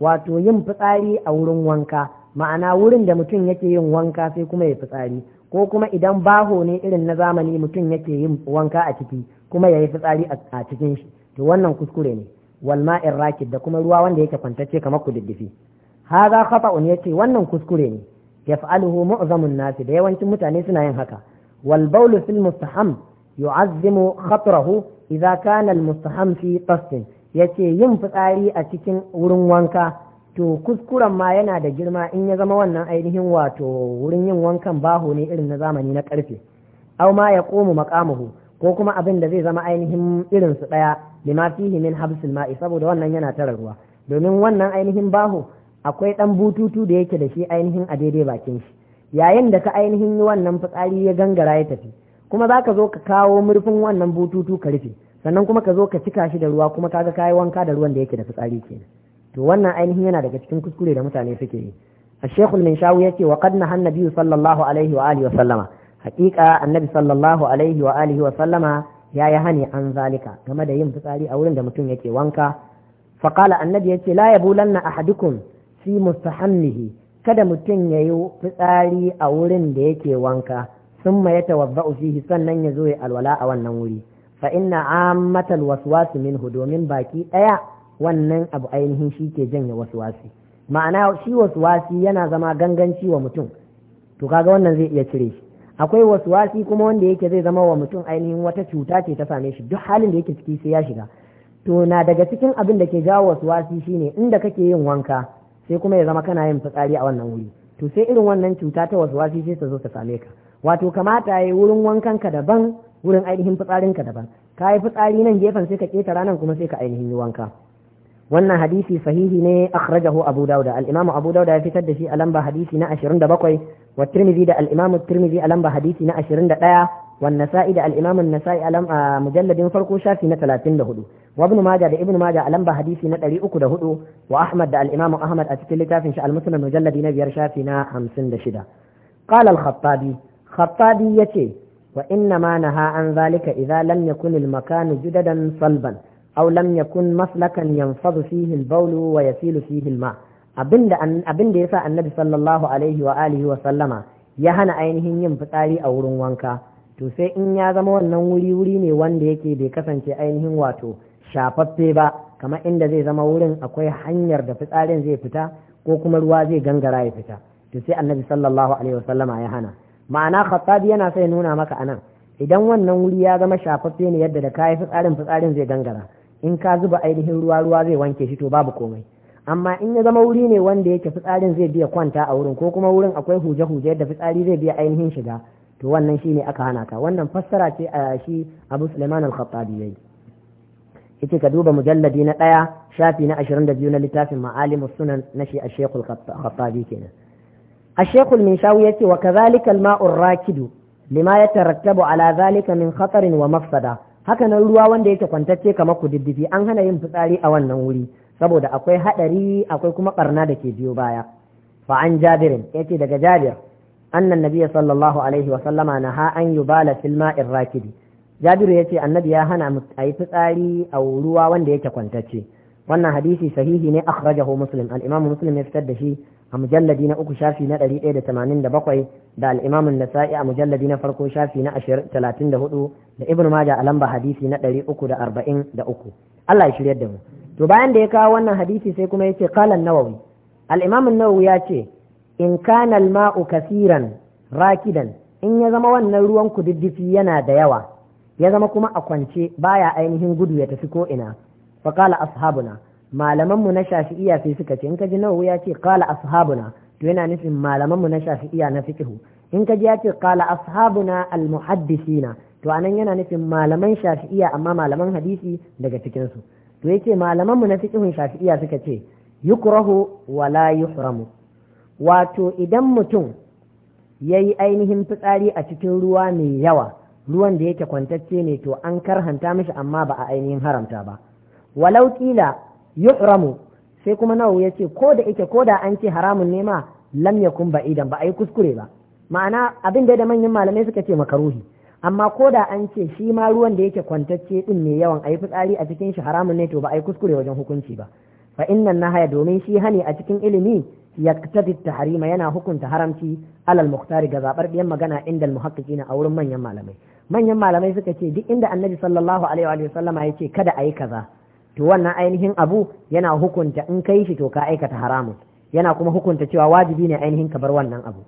wato yin fitsari a wurin wanka ma'ana wurin da mutum yake yin wanka sai kuma ya fitsari ko kuma idan baho ne irin na zamani mutum yake yin wanka a ciki kuma ya yi fitsari a cikin shi to wannan kuskure ne wal ma'in rakid da kuma ruwa wanda yake kwantacce kamar kududdufi haza khata'un yace wannan kuskure ne yaf'aluhu mu'zamun nasi da yawancin mutane suna yin haka wal bawlu fil mustaham yu'azzimu khatrahu idza kana al mustaham fi tasdin yace yin fitsari a cikin wurin wanka to kuskuren ma yana da girma in ya zama wannan ainihin wato wurin yin wankan baho ne irin na zamani na karfe au ma ya komu makamuhu ko kuma abin da zai zama ainihin irin su daya lima fihi min habsil ma'i saboda wannan yana tara ruwa domin wannan ainihin baho akwai dan bututu da yake da shi ainihin a daidai bakin shi yayin da ka ainihin yi wannan fitsari ya gangara ya tafi kuma za ka zo ka kawo murfin wannan bututu ka rufe sannan kuma ka zo ka cika shi da ruwa kuma ka ga kayi wanka da ruwan da yake da fitsari kenan to wannan ainihin yana da cikin kuskure da mutane suke yi a shekul min shawu yake wa kad nahan nabiyu sallallahu wa sallama haƙiƙa annabi sallallahu wa sallama ya yi hani an zalika game da yin fitsari a wurin da mutum yake wanka fa qala ya ce la yabulanna ahadukum fi mustahannihi kada mutum ya yi fitsari a wurin da yake wanka sun ma ya tawazza'u fihi sannan ya zo ya alwala a wannan wuri fa inna ammatal waswas minhu domin baki ɗaya. wannan abu ainihin shi ke janye wasu wasi ma'ana shi wasu wasi yana zama ganganci wa mutum to kaga wannan zai iya cire shi akwai wasu wasi kuma wanda yake zai zama wa mutum ainihin wata cuta ce ta same shi duk halin da yake ciki sai ya shiga to na daga cikin abin da ke jawo wasu wasi shine inda kake yin wanka sai kuma ya zama kana yin fitsari a wannan wuri to sai irin wannan cuta ta wasu wasi sai ta zo ta same ka wato kamata yi wurin wankan ka daban wurin ainihin fitsarin ka daban ka yi fitsari nan gefen sai ka keta ranar kuma sai ka ainihin yi wanka wannan hadisi sahihi ne akhrajahu abu dauda al-imam abu dauda ya fitar da shi a lamba hadisi na 27 wa tirmidhi da al-imam tirmidhi a lamba hadisi na 21 wan nasa'i da al-imam an-nasa'i alam a mujalladin farko shafi na 34 wa ibn majah da ibn majah a lamba hadisi na 304 wa ahmad da al-imam ahmad a cikin littafin shi al-musnad mujalladi na biyar shafi na 56 qala al-khattabi khattabi yace wa inna ma naha an zalika idza lam yakun al-makanu judadan salban Aulam lam yakun maslakan yanfadu fihi al-bawl wa yasilu fihi al-ma abinda abinda yasa annabi sallallahu ya hana ainihin yin fitsari a wurin wanka to sai in ya zama wannan wuri wuri ne wanda yake bai kasance ainihin wato shafaffe ba kamar inda zai zama wurin akwai hanyar da fitsarin zai fita ko kuma ruwa zai gangara ya fita to sai annabi sallallahu alaihi wasallama ya hana ma'ana khattabi yana sai nuna maka anan idan wannan wuri ya zama shafaffe ne yadda da kayi fitsarin fitsarin zai gangara in ka zuba ainihin ruwa ruwa zai wanke shi to babu komai amma in ya zama wuri ne wanda yake fitsarin zai biya kwanta a wurin ko kuma wurin akwai huje-huje da fitsari zai biya ainihin shiga to wannan shi ne aka hana ka wannan fassara ce a shi abu suleiman al-khattabi yayi yace ka duba mujalladi na ɗaya shafi na ashirin da biyu na littafin ma'alim sunan na shi ash-shaykh al-khattabi kenan ash-shaykh al-minshawi yace wa kazalikal al-ma'u ar-rakidu lima ala zalika min wa mafsada haka nan ruwa wanda yake kwantacce kamar kududdufi an hana yin fitsari a wannan wuri saboda akwai hadari akwai kuma barna da ke biyo baya fa an jabirin yace daga jabir annan nabiyyi sallallahu alaihi wa sallama naha an yubala fil ma'ir rakidi jabiru yace annabi ya hana a yi fitsari a ruwa wanda yake kwantacce wannan hadisi sahihi ne akhrajahu muslim al-imamu muslim ya fitar da shi a mujalladi na uku shafi na ɗari ɗaya da tamanin da bakwai da al'imamun nasa'i a mujalladi na farko shafi na talatin da hudu da ibn maja a lamba hadisi na ɗari uku da arba'in da uku Allah ya shirya da mu to bayan da ya kawo wannan hadisi sai kuma ya ce kalan nawawi al'imamun nawawi ya ce in kana ma'u kasiran rakidan in ya zama wannan ruwan kududdufi yana da yawa ya zama kuma a kwance baya ainihin gudu ya tafi ko ina fa qala ashabuna malamanmu na shafi'iya sai suka ce in ka ji nawawi ya ce qala ashabuna to yana nufin malamanmu na shafi'iya na fiqhu in ka ji ya ce qala ashabuna al muhaddisina to anan yana nufin malaman shafi'iya amma malaman hadisi daga cikin su to yace mu na fiqhun shafi'iya suka ce yukrahu wala yuhramu wato idan mutum yayi ainihin fitsari a cikin ruwa mai yawa ruwan da yake kwantacce ne to an karhanta mishi amma ba a ainihin haramta ba walau kila yuramu sai kuma nawa ya ce ko da ike ko da an ce haramun nema ma lam yakun ba'idan ba a yi kuskure ba ma'ana abin da da manyan malamai suka ce makaruhi amma ko da an ce shi ma ruwan da yake kwantacce din mai yawan ayi fitsari a cikin shi haramun ne to ba ayi kuskure wajen hukunci ba fa innan nahaya domin shi hani a cikin ilimi ya tafita Harima yana hukunta haramci alal muhtari ga zabar biyan magana inda al muhaqqiqina a wurin manyan malamai manyan malamai suka ce duk inda annabi sallallahu alaihi wa sallama yace kada ayi kaza to wannan ainihin abu yana hukunta in kai shi to ka aikata haramun yana kuma hukunta cewa wajibi ne ainihin ka bar wannan abu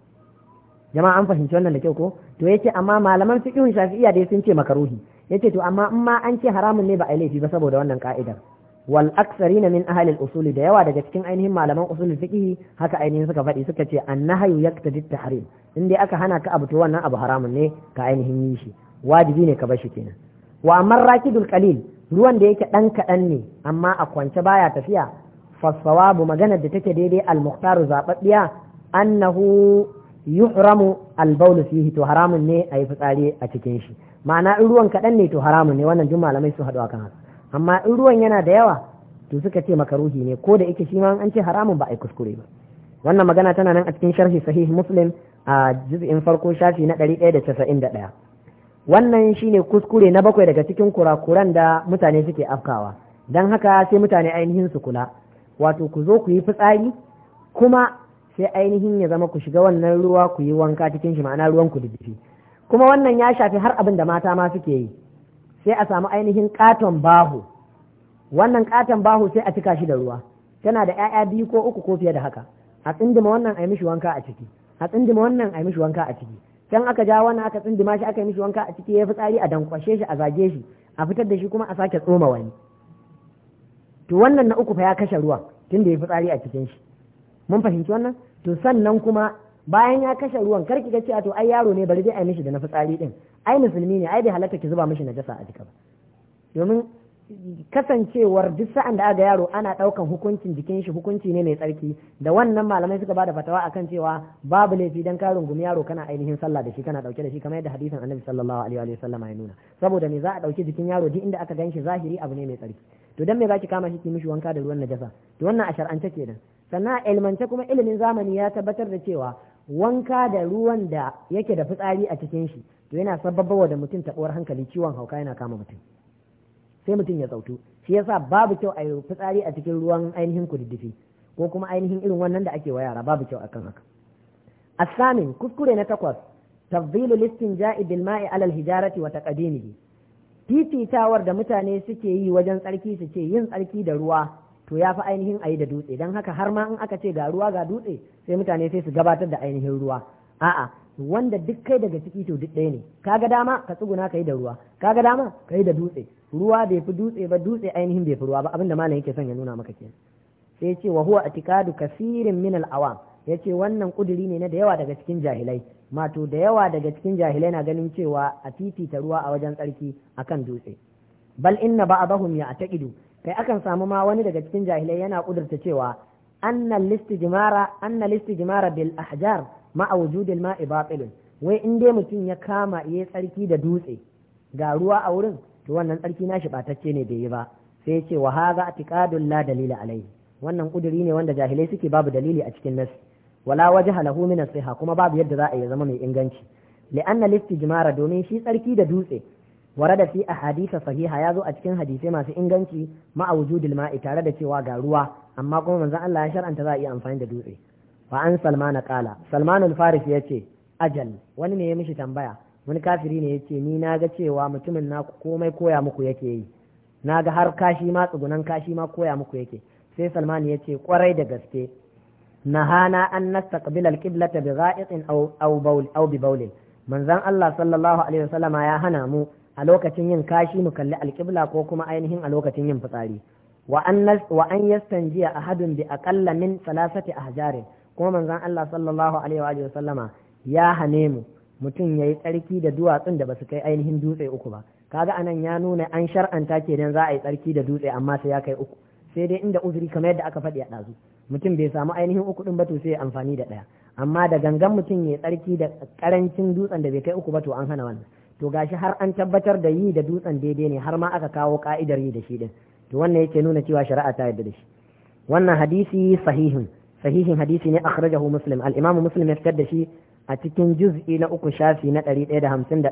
jama'a an fahimci wannan da kyau ko to yace amma malaman fiqhun shafi'iyya dai sun ce makaruhi yace to amma in ma an ce haramun ne ba a laifi ba saboda wannan ka'idar wal aksarina min ahli al da yawa daga cikin ainihin malaman usulul fiqh haka ainihin suka faɗi suka ce annahyu yaqtadi at-tahrim in dai aka hana ka abu to wannan abu haramun ne ka ainihin yi shi wajibi ne ka bar shi kenan wa amma raqidul qalil ruwan da yake ɗan kaɗan ne amma a kwance baya tafiya fasfawabu maganar da take daidai al-mukhtaru zaɓaɓɓiya annahu yuhramu al fihi to haramun ne a yi fitsari a cikin shi ma'ana in ruwan kaɗan ne to haramun ne wannan duk malamai su haɗu kan haka amma in ruwan yana da yawa to suka ce maka ruhi ne ko da yake shi ma an ce haramun ba a yi kuskure ba wannan magana tana nan a cikin sharhi sahih muslim a juz'in farko shafi na ɗari ɗaya da da casa'in ɗaya. wannan shine kuskure na bakwai daga cikin kurakuran da mutane suke afkawa don haka sai mutane ainihin su kula wato ku zo ku yi fitsari kuma sai ainihin ya zama ku shiga wannan ruwa ku yi wanka cikin shi ma'ana ruwan ku kuma wannan ya shafi har abin da mata ma suke yi sai a samu ainihin katon bahu wannan katon bahu sai a cika shi da ruwa tana da 'ya'ya biyu ko uku ko fiye da haka a tsindima wannan a mishi wanka a ciki a tsindima wannan a mishi wanka a ciki can aka ja wani aka tsindima shi aka yi mishi wanka a ciki ya fitsari a dankwashe shi a zage shi a fitar da shi kuma a sake tsoma wani to wannan na uku fa ya kashe ruwa tunda ya fitsari a cikin shi mun fahimci wannan to sannan kuma bayan ya kashe ruwan kar ki ga cewa to ai yaro ne bari dai ai mishi da na fitsari din ai musulmi ne ai bai halatta ki zuba mishi najasa a jika ba domin kasancewar duk sa'an da aga yaro ana ɗaukan hukuncin jikin shi hukunci ne mai tsarki da wannan malamai suka bada fatawa akan cewa babu laifi dan ka rungumi yaro kana ainihin sallah da shi kana dauke da shi kamar yadda hadisin annabi sallallahu alaihi wa sallam ya nuna saboda me za a dauki jikin yaro duk inda aka ganshi zahiri abu ne mai tsarki to dan me zaki kama shi ki mishi wanka da ruwan najasa to wannan a shar'ance kenan sannan a ilmance kuma ilimin zamani ya tabbatar da cewa wanka da ruwan da yake da fitsari a cikin shi to yana sababawa da mutum tabuwar hankali ciwon hauka yana kama mutum sai mutum ya tsautu shi yasa babu kyau a yi fitsari a cikin ruwan ainihin kududdufi ko kuma ainihin irin wannan da ake wa yara babu kyau akan haka asamin kuskure na takwas tafdilu listin ja'i bil ma'i alal hijarati wa taqdimihi fifitawar da mutane suke yi wajen tsarki su ce yin tsarki da ruwa to ya fi ainihin ayi da dutse don haka har ma in aka ce ga ruwa ga dutse sai mutane sai su gabatar da ainihin ruwa a'a wanda duk kai daga ciki to duk ɗaya ne kaga dama ka tsuguna kai da ruwa kaga dama kai da dutse ruwa bai fi dutse ba dutse ainihin bai fi ruwa ba abinda malam yake son ya nuna maka kenan sai ya ce wa huwa atikadu kasirin min al-awam ya wannan kuduri ne na da yawa daga cikin jahilai mato da yawa daga cikin jahilai na ganin cewa a titita ruwa a wajen tsarki akan dutse bal inna ba'dahum ya'taqidu kai akan samu ma wani daga cikin jahilai yana kudurta cewa anna listijmara anna listijmara bil ahjar ma'a ma ma'i batilun wai in dai mutum ya kama iya tsarki da dutse ga ruwa a wurin to wannan tsarki nashi batacce ne bai yi ba sai ce wa hadha ƙadun la dalila alai wannan ƙuduri ne wanda jahilai suke babu dalili a cikin nas wala waje halahu min kuma babu yadda za a yi zama mai inganci li'anna jimara domin shi tsarki da dutse da fi hadisa sahiha ya zo a cikin hadisai masu inganci ma'a wujudin ma'i tare da cewa ga ruwa amma kuma manzon Allah ya shar'anta za a iya amfani da dutse fa an salmana qala salman al ya yace ajal wani ne ya mishi tambaya wani kafiri ne yace ni na ga cewa mutumin na komai koya muku yake yi na ga har kashi ma tsugunan kashi ma koya muku yake sai salman yace kwarai da gaske nahana an nasta al-qiblata ta gha'itin aw aw bawl aw manzon Allah sallallahu alaihi wasallama ya hana mu a lokacin yin kashi mu kalli alƙibla ko kuma ainihin a lokacin yin fitsari wa an jiya ahadun bi aƙalla min salasati ahjarin kuma manzon Allah sallallahu alaihi wa sallama ya hane mu mutum ya yi tsarki da duwatsun da basu kai ainihin dutse uku ba kaga anan ya nuna an shar'anta kenan za a yi tsarki da dutse amma sai ya kai uku sai dai inda uzuri kamar yadda aka faɗi a ɗazu mutum bai samu ainihin uku ɗin ba to sai ya amfani da ɗaya amma da gangan mutum ya tsarki da karancin dutsen da bai kai uku ba to an hana wannan to gashi har an tabbatar da yi da dutsen daidai ne har ma aka kawo ka'idar yi da shi din to wannan yake nuna cewa shari'a ta yarda da shi wannan hadisi sahihin sahihin hadisi ne akhrajahu muslim al-imamu muslim ya fitar da shi a cikin juz'i na uku shafi na 151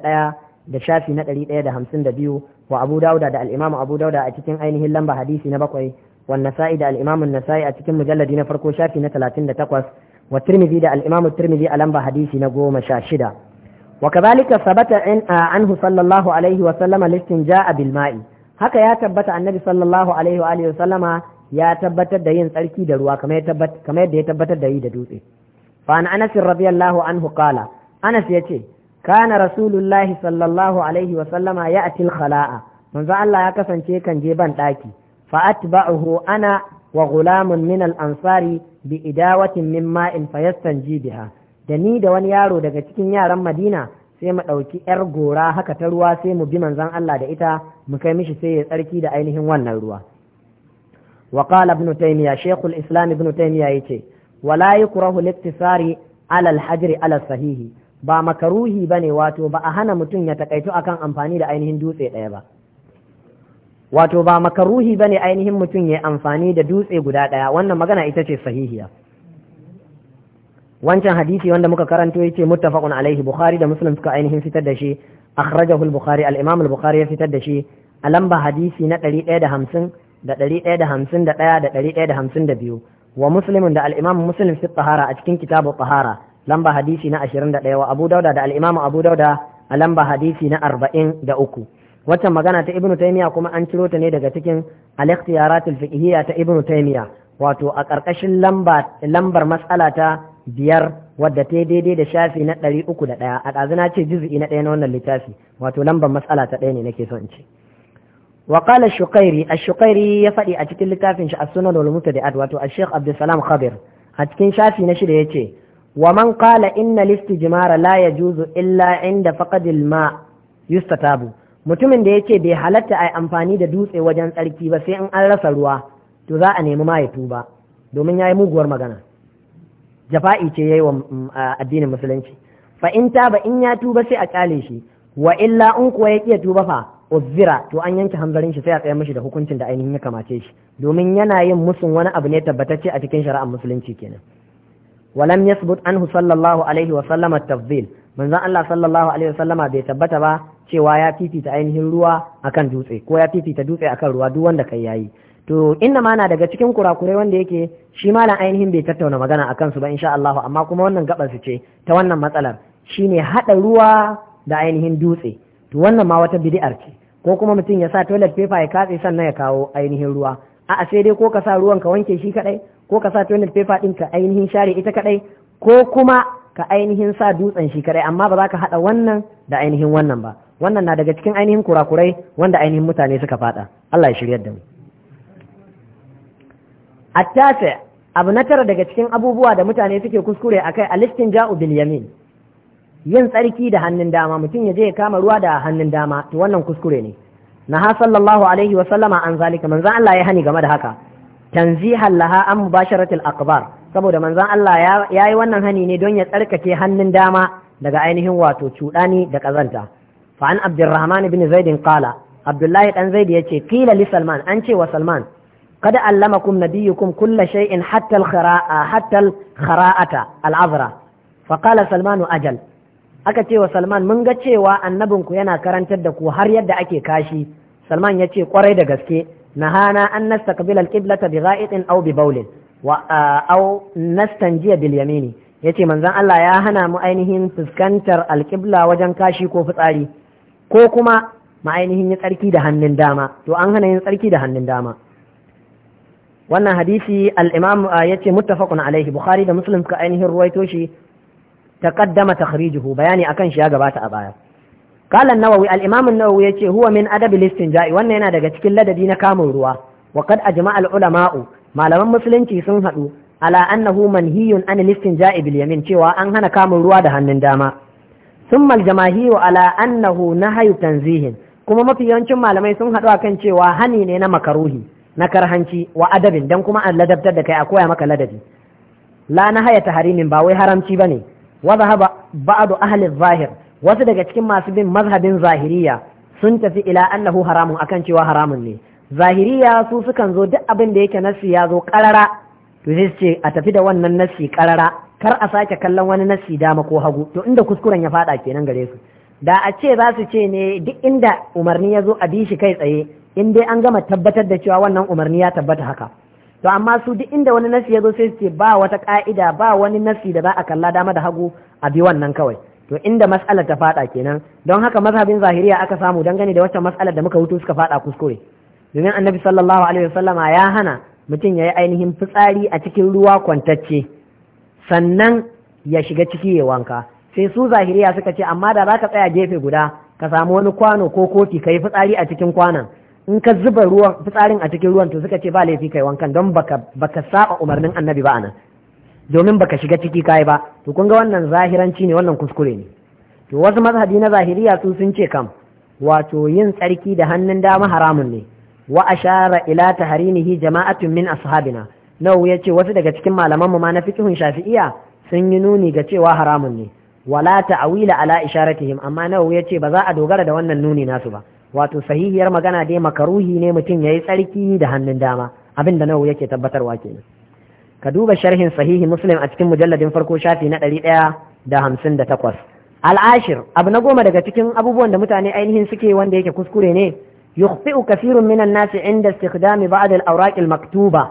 da shafi na 152 wa abu dauda da al-imamu abu dauda a cikin ainihin lamba hadisi na bakwai wa nasa'i da al-imamu nasa'i a cikin mujalladi na farko shafi na 38 wa tirmidhi da al-imamu tirmidhi a lamba hadisi na 16 Anhu sallallahu alaihi wa sallama عليه وسلم الاستنجاء بالماء haka ya tabbata annabi sallallahu alaihi wa alihi sallama ya tabbatar da yin tsarki da ruwa kamar yadda ya tabbatar da yi da dutse fa an anas radiyallahu anhu qala anas yace kana rasulullahi sallallahu alaihi wa sallama ya'ti al-khala'a manzo Allah ya kasance kan je ban daki fa atba'uhu ana wa ghulamun min al-ansari bi idawatin min ma'in fayastanji biha da ni da wani yaro daga cikin yaran Madina sai mu ɗauki 'yar gora haka ta ruwa sai mu bi manzon Allah da ita mu kai mishi sai ya tsarki da ainihin wannan ruwa wa qala ibn taymiya shaykh al-islam ibn taymiya yace wala yukrahu al-iktisari ala al-hajri sahihi ba makaruhi bane wato ba a hana mutum ya takaitu akan amfani da ainihin dutse daya ba wato ba makaruhi bane ainihin mutum ya yi amfani da dutse guda ɗaya wannan magana ita ce sahihiya wancan hadisi wanda muka karanto yace muttafaqun alaihi bukhari da muslim suka ainihin fitar da shi akhrajahu al-bukhari al ya fitar da shi a lamba hadisi na da hamsin. da ɗari ɗaya da hamsin da ɗaya da ɗari ɗaya da hamsin da biyu wa muslimin da al'imam muslim fi tahara a cikin kitabu tahara lamba hadisi na ashirin da ɗaya wa abu dauda da al'imam abu dauda a lamba hadisi na arba'in da uku waccan magana ta ibnu taimiya kuma an ciro ta ne daga cikin al-ikhtiyaratul fiqhiyya ta ibnu taimiya wato a ƙarƙashin lambar matsala ta biyar wadda ta daidai da shafi na ɗari uku da ɗaya a ɗazu na ce juzu'i na ɗaya na wannan littafi wato lambar matsala ta ɗaya ne nake son in ce wa qala a ash ya faɗi a cikin littafin shi as-sunan wal mutadi'at wato a sheikh abdulsalam khadir a cikin shafi na shida yace wa man qala inna listijmara la yajuzu illa inda faqadil ma yustatabu mutumin da yace bai halatta ai amfani da dutse wajen tsarki ba sai in an rasa ruwa to za a nemi ma ya tuba domin yayi muguwar magana jafa'i ce yayi wa addinin musulunci fa ba taba in ya tuba sai a kyale shi wa illa in kuwa ya iya tuba fa uzira to an yanke hanzarin shi sai a tsaya mashi da hukuncin da ainihin ya kamace shi domin yana yin musun wani abu ne tabbatacce a cikin shari'ar musulunci kenan walam yasbut anhu sallallahu alaihi wa sallama tafdhil manzon Allah sallallahu alaihi wa sallama bai tabbata ba cewa ya fifita ainihin ruwa akan dutse ko ya fifita dutse akan ruwa duk wanda kai yayi to inna ma na daga cikin kurakurai wanda yake shi malam ainihin bai tattauna magana akan su ba insha Allah amma kuma wannan gabar su ce ta wannan matsalar shine hada ruwa da ainihin dutse to wannan ma wata bid'ar ce ko kuma mutum ya sa toilet paper ya katse sannan ya kawo ainihin ruwa a'a sai dai ko ka sa ruwan ka wanke shi kadai ko ka sa toilet paper din ka ainihin share ita kadai ko kuma ka ainihin sa dutsen shi kadai amma ba za ka hada wannan da ainihin wannan ba wannan na daga cikin ainihin kurakurai wanda ainihin mutane suka fada Allah ya shiryar da mu A tafe abu na tara daga cikin abubuwa da mutane suke kuskure akai alistin ja'u bil yamin yin tsarki da hannun dama mutum ya je ya kama ruwa da hannun dama to wannan kuskure ne na ha sallallahu alaihi wa sallama an zalika manzan Allah ya hani game da haka tanzihan laha an mubasharatil akbar saboda manzon Allah ya yi wannan hani ne don ya tsarkake hannun dama daga ainihin wato cuɗani da ƙazanta fa an abdurrahman ibn zaid qala abdullahi dan zaid yace qila li salman an ce wa salman قد علمكم نبيكم كل شيء حتى الخراءة حتى الخراءة العذراء فقال سلمان أجل aka ce wa salman mun ga cewa annabinku yana karantar da ku har yadda ake kashi salman ya ce kwarai da gaske nahana an nastaqbil al-qiblata bi gha'itin aw bi bawlin wa aw nastanjiya bil yamini yace manzon Allah ya hana mu ainihin fuskantar alkibla wajen kashi ko fitsari ko kuma ma ainihin yi tsarki da hannun dama to an hana yin tsarki da hannun dama wannan hadisi al-imam yace muttafaqun alaihi bukhari da muslim suka ainihin ruwaito shi taqaddama takhrijuhu bayani akan shi ya gabata a baya qala nawawi Al'imamin imam an-nawawi yace huwa min adab al-istinja'i wannan yana daga cikin ladabi na kamun ruwa wa a ajma'a ulamau malaman musulunci sun haɗu, Ala'annahu, annahu manhiyun an al-istinja'i bil cewa an hana kamun ruwa da hannun dama thumma al-jamaahiru ala annahu nahyu tanzihin kuma mafi yawancin malamai sun hadu akan cewa hani ne na makaruhi na karhanci wa adabin dan kuma an ladabtar da kai a koya maka ladabi la na haya taharimin ba wai haramci ba ne. wa zahaba ba'du zahir wasu daga cikin masu bin mazhabin zahiriya sun tafi ila annahu haramun akan cewa haramun ne zahiriya su sukan zo duk abin da yake nassi ya zo karara to sai ce a tafi da wannan nassi karara kar a sake kallon wani nassi dama ko hagu to inda kuskuren ya fada kenan gare su da a ce za su ce ne duk inda umarni ya zo a bi shi kai tsaye in dai an gama tabbatar da cewa wannan umarni ya tabbata haka to amma su duk inda wani nasi ya zo sai ce ba wata ka'ida ba wani nasi da za a kalla dama da hagu a bi wannan kawai to inda matsalar ta fada kenan don haka mazhabin zahiriya aka samu dangane da wacce mas'alar da muka hutu suka fada kuskure domin annabi sallallahu alaihi wasallam ya hana mutum ya yi ainihin fitsari a cikin ruwa kwantacce sannan ya shiga ciki ya wanka sai su zahiriya suka ce amma da za ka tsaya gefe guda ka samu wani kwano ko kofi ka yi fitsari a cikin kwanan in ka zuba ruwan fitsarin a cikin ruwan to suka ce ba laifi kai wankan don baka baka saba umarnin annabi ba anan domin baka shiga ciki kai ba to kun ga wannan zahiranci ne wannan kuskure ne to wasu mazhabi na zahiriya su sun ce kam wato yin tsarki da hannun dama haramun ne wa ashara ila taharimihi jama'atun min ashabina na ya ce wasu daga cikin malaman malamanmu ma na fiqhun shafi'iya sun yi nuni ga cewa haramun ne wala ta'awila ala isharatihim amma nawu ya ce ba za a dogara da wannan nuni nasu ba wato sahihiyar magana dai makaruhi ne mutum ya yi tsarki da hannun dama abin da nawa yake tabbatarwa ke. ka duba sharhin sahihi muslim a cikin mujalladin farko shafi na ɗari ɗaya da hamsin da takwas al'ashir abu na goma daga cikin abubuwan da mutane ainihin suke wanda yake kuskure ne yukhfi'u kasirun minan nasi inda istikdami ba'd al-awraq maktuba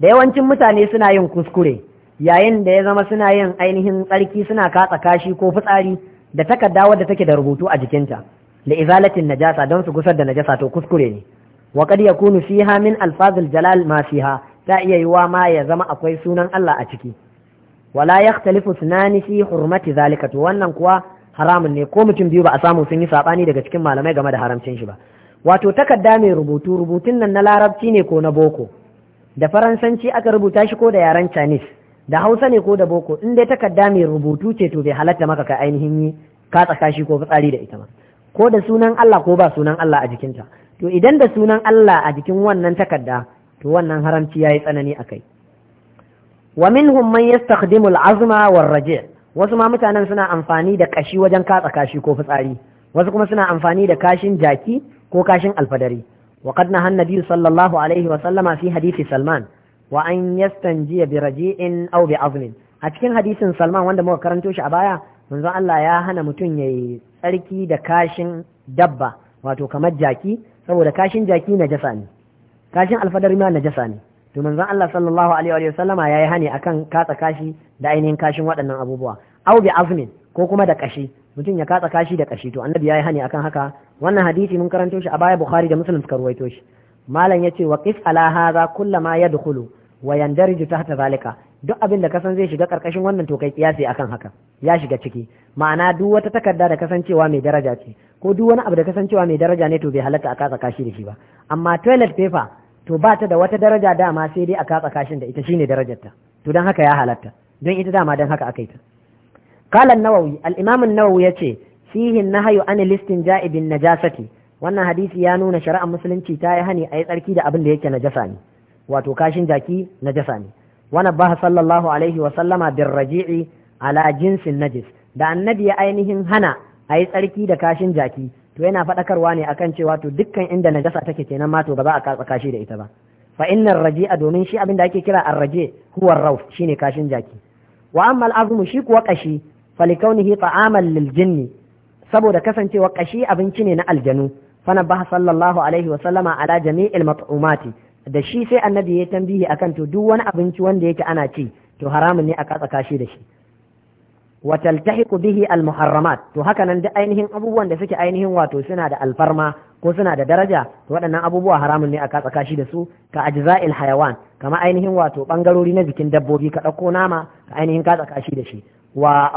da yawancin mutane suna yin kuskure yayin da ya zama suna yin ainihin tsarki suna katsa kashi ko fitsari da takarda wadda take da rubutu a jikinta da izalatin najasa don su gusar da najasa to kuskure ne wa qad yakunu fiha min alfazil jalal ma fiha ta iya yiwa ma ya zama akwai sunan Allah a ciki wala yakhtalifu sunani fi hurmati zalika to wannan kuwa haramun ne ko mutum biyu ba a samu sun yi sabani daga cikin malamai game da haramcin shi ba wato takarda mai rubutu rubutun nan na larabci ne ko na boko da faransanci aka rubuta shi ko da yaren chinese da hausa ne ko da boko in dai takarda mai rubutu ce to bai halatta maka ka ainihin yi ka tsaka shi ko fitsari da ita ma ko da sunan Allah ko ba sunan Allah a jikinta to idan da sunan Allah a jikin wannan takarda to wannan haramci yayi tsanani akai wa minhum man yastakhdimu al-azma war-raji' wasu ma mutanen suna amfani da kashi wajen katsa kashi ko fitsari wasu kuma suna amfani da kashin jaki ko kashin alfadari wa qad nahan nabiyyu sallallahu alaihi wa sallama fi hadisi salman wa an yastanjiya bi raji'in aw bi azmin a cikin hadisin salman wanda muka karanto shi a baya manzon Allah ya hana mutum yayi tsarki da kashin dabba wato kamar jaki saboda kashin jaki najasa ne kashin alfadar ma jasa ne to manzon Allah sallallahu alaihi wa sallama yayi hani akan katsa kashi da ainihin kashin waɗannan abubuwa au bi azmin ko kuma da kashi mutum ya katsa kashi da kashi to annabi yayi hani akan haka wannan hadisi mun karanto shi a baya bukhari da muslim suka ruwaito shi malam yace wa qif ala hadha kullama yadkhulu wa yandariju tahta zalika duk abin da kasan zai shiga karkashin wannan to kai kiyasi akan haka ya shiga ciki ma'ana duk wata takarda da kasancewa mai daraja ce ko duk wani abu da kasancewa mai daraja ne to bai halatta a katsa kashi da shi ba amma toilet paper to ba ta da wata daraja dama sai dai a katsa kashin da ita shine ta to don haka ya halatta don ita dama don haka akai ta قال النووي الإمام النووي يتي فيه النهي عن الاستنجاء Najasati, wannan hadisi ya nuna shari'ar musulunci ta yi hani a yi tsarki da abin da yake najasa ne wato kashin jaki najasa ne wani ba sallallahu alaihi wa sallama bin raji'i ala jinsin najis da annabi ya ainihin hana a yi tsarki da kashin jaki to yana faɗakarwa ne akan cewa to dukkan inda najasa take kenan ma to ba za a katsa kashi da ita ba fa innar raji'a domin shi abin da ake kira arraje huwa rauf shine kashin jaki wa amma al'azmu shi kuwa kashi falikaunihi ta'aman lil jinni saboda kasancewa kashi abinci ne na aljanu fa nabaha sallallahu alaihi wa sallama ala jami'il mat'umati da shi sai annabi ya tambihi akan to duk wani abinci wanda yake ana ci to haramun ne a katsa kashi da shi wa taltahiqu bihi al muharramat to haka nan duk ainihin abubuwan da suke ainihin wato suna da alfarma ko suna da daraja to waɗannan abubuwa haramun ne a katsa kashi da su ka ajza'il hayawan kama ainihin wato bangarori na jikin dabbobi ka ɗauko nama ka ainihin katsa kashi da shi wa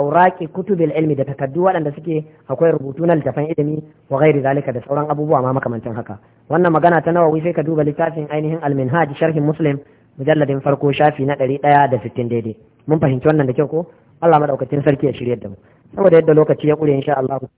auraki kutubil ilmi da takaddu waɗanda suke akwai rubutu na littafan ilimi wa ghairi zalika da sauran abubuwa ma makamantan haka wannan magana ta nawawi sai ka duba littafin ainihin al-minhaj sharhin muslim mujalladin farko shafi na ɗari ɗaya da sittin daidai mun fahimci wannan da kyau ko Allah madaukakin sarki ya shirya da mu saboda yadda lokaci ya ƙure insha Allah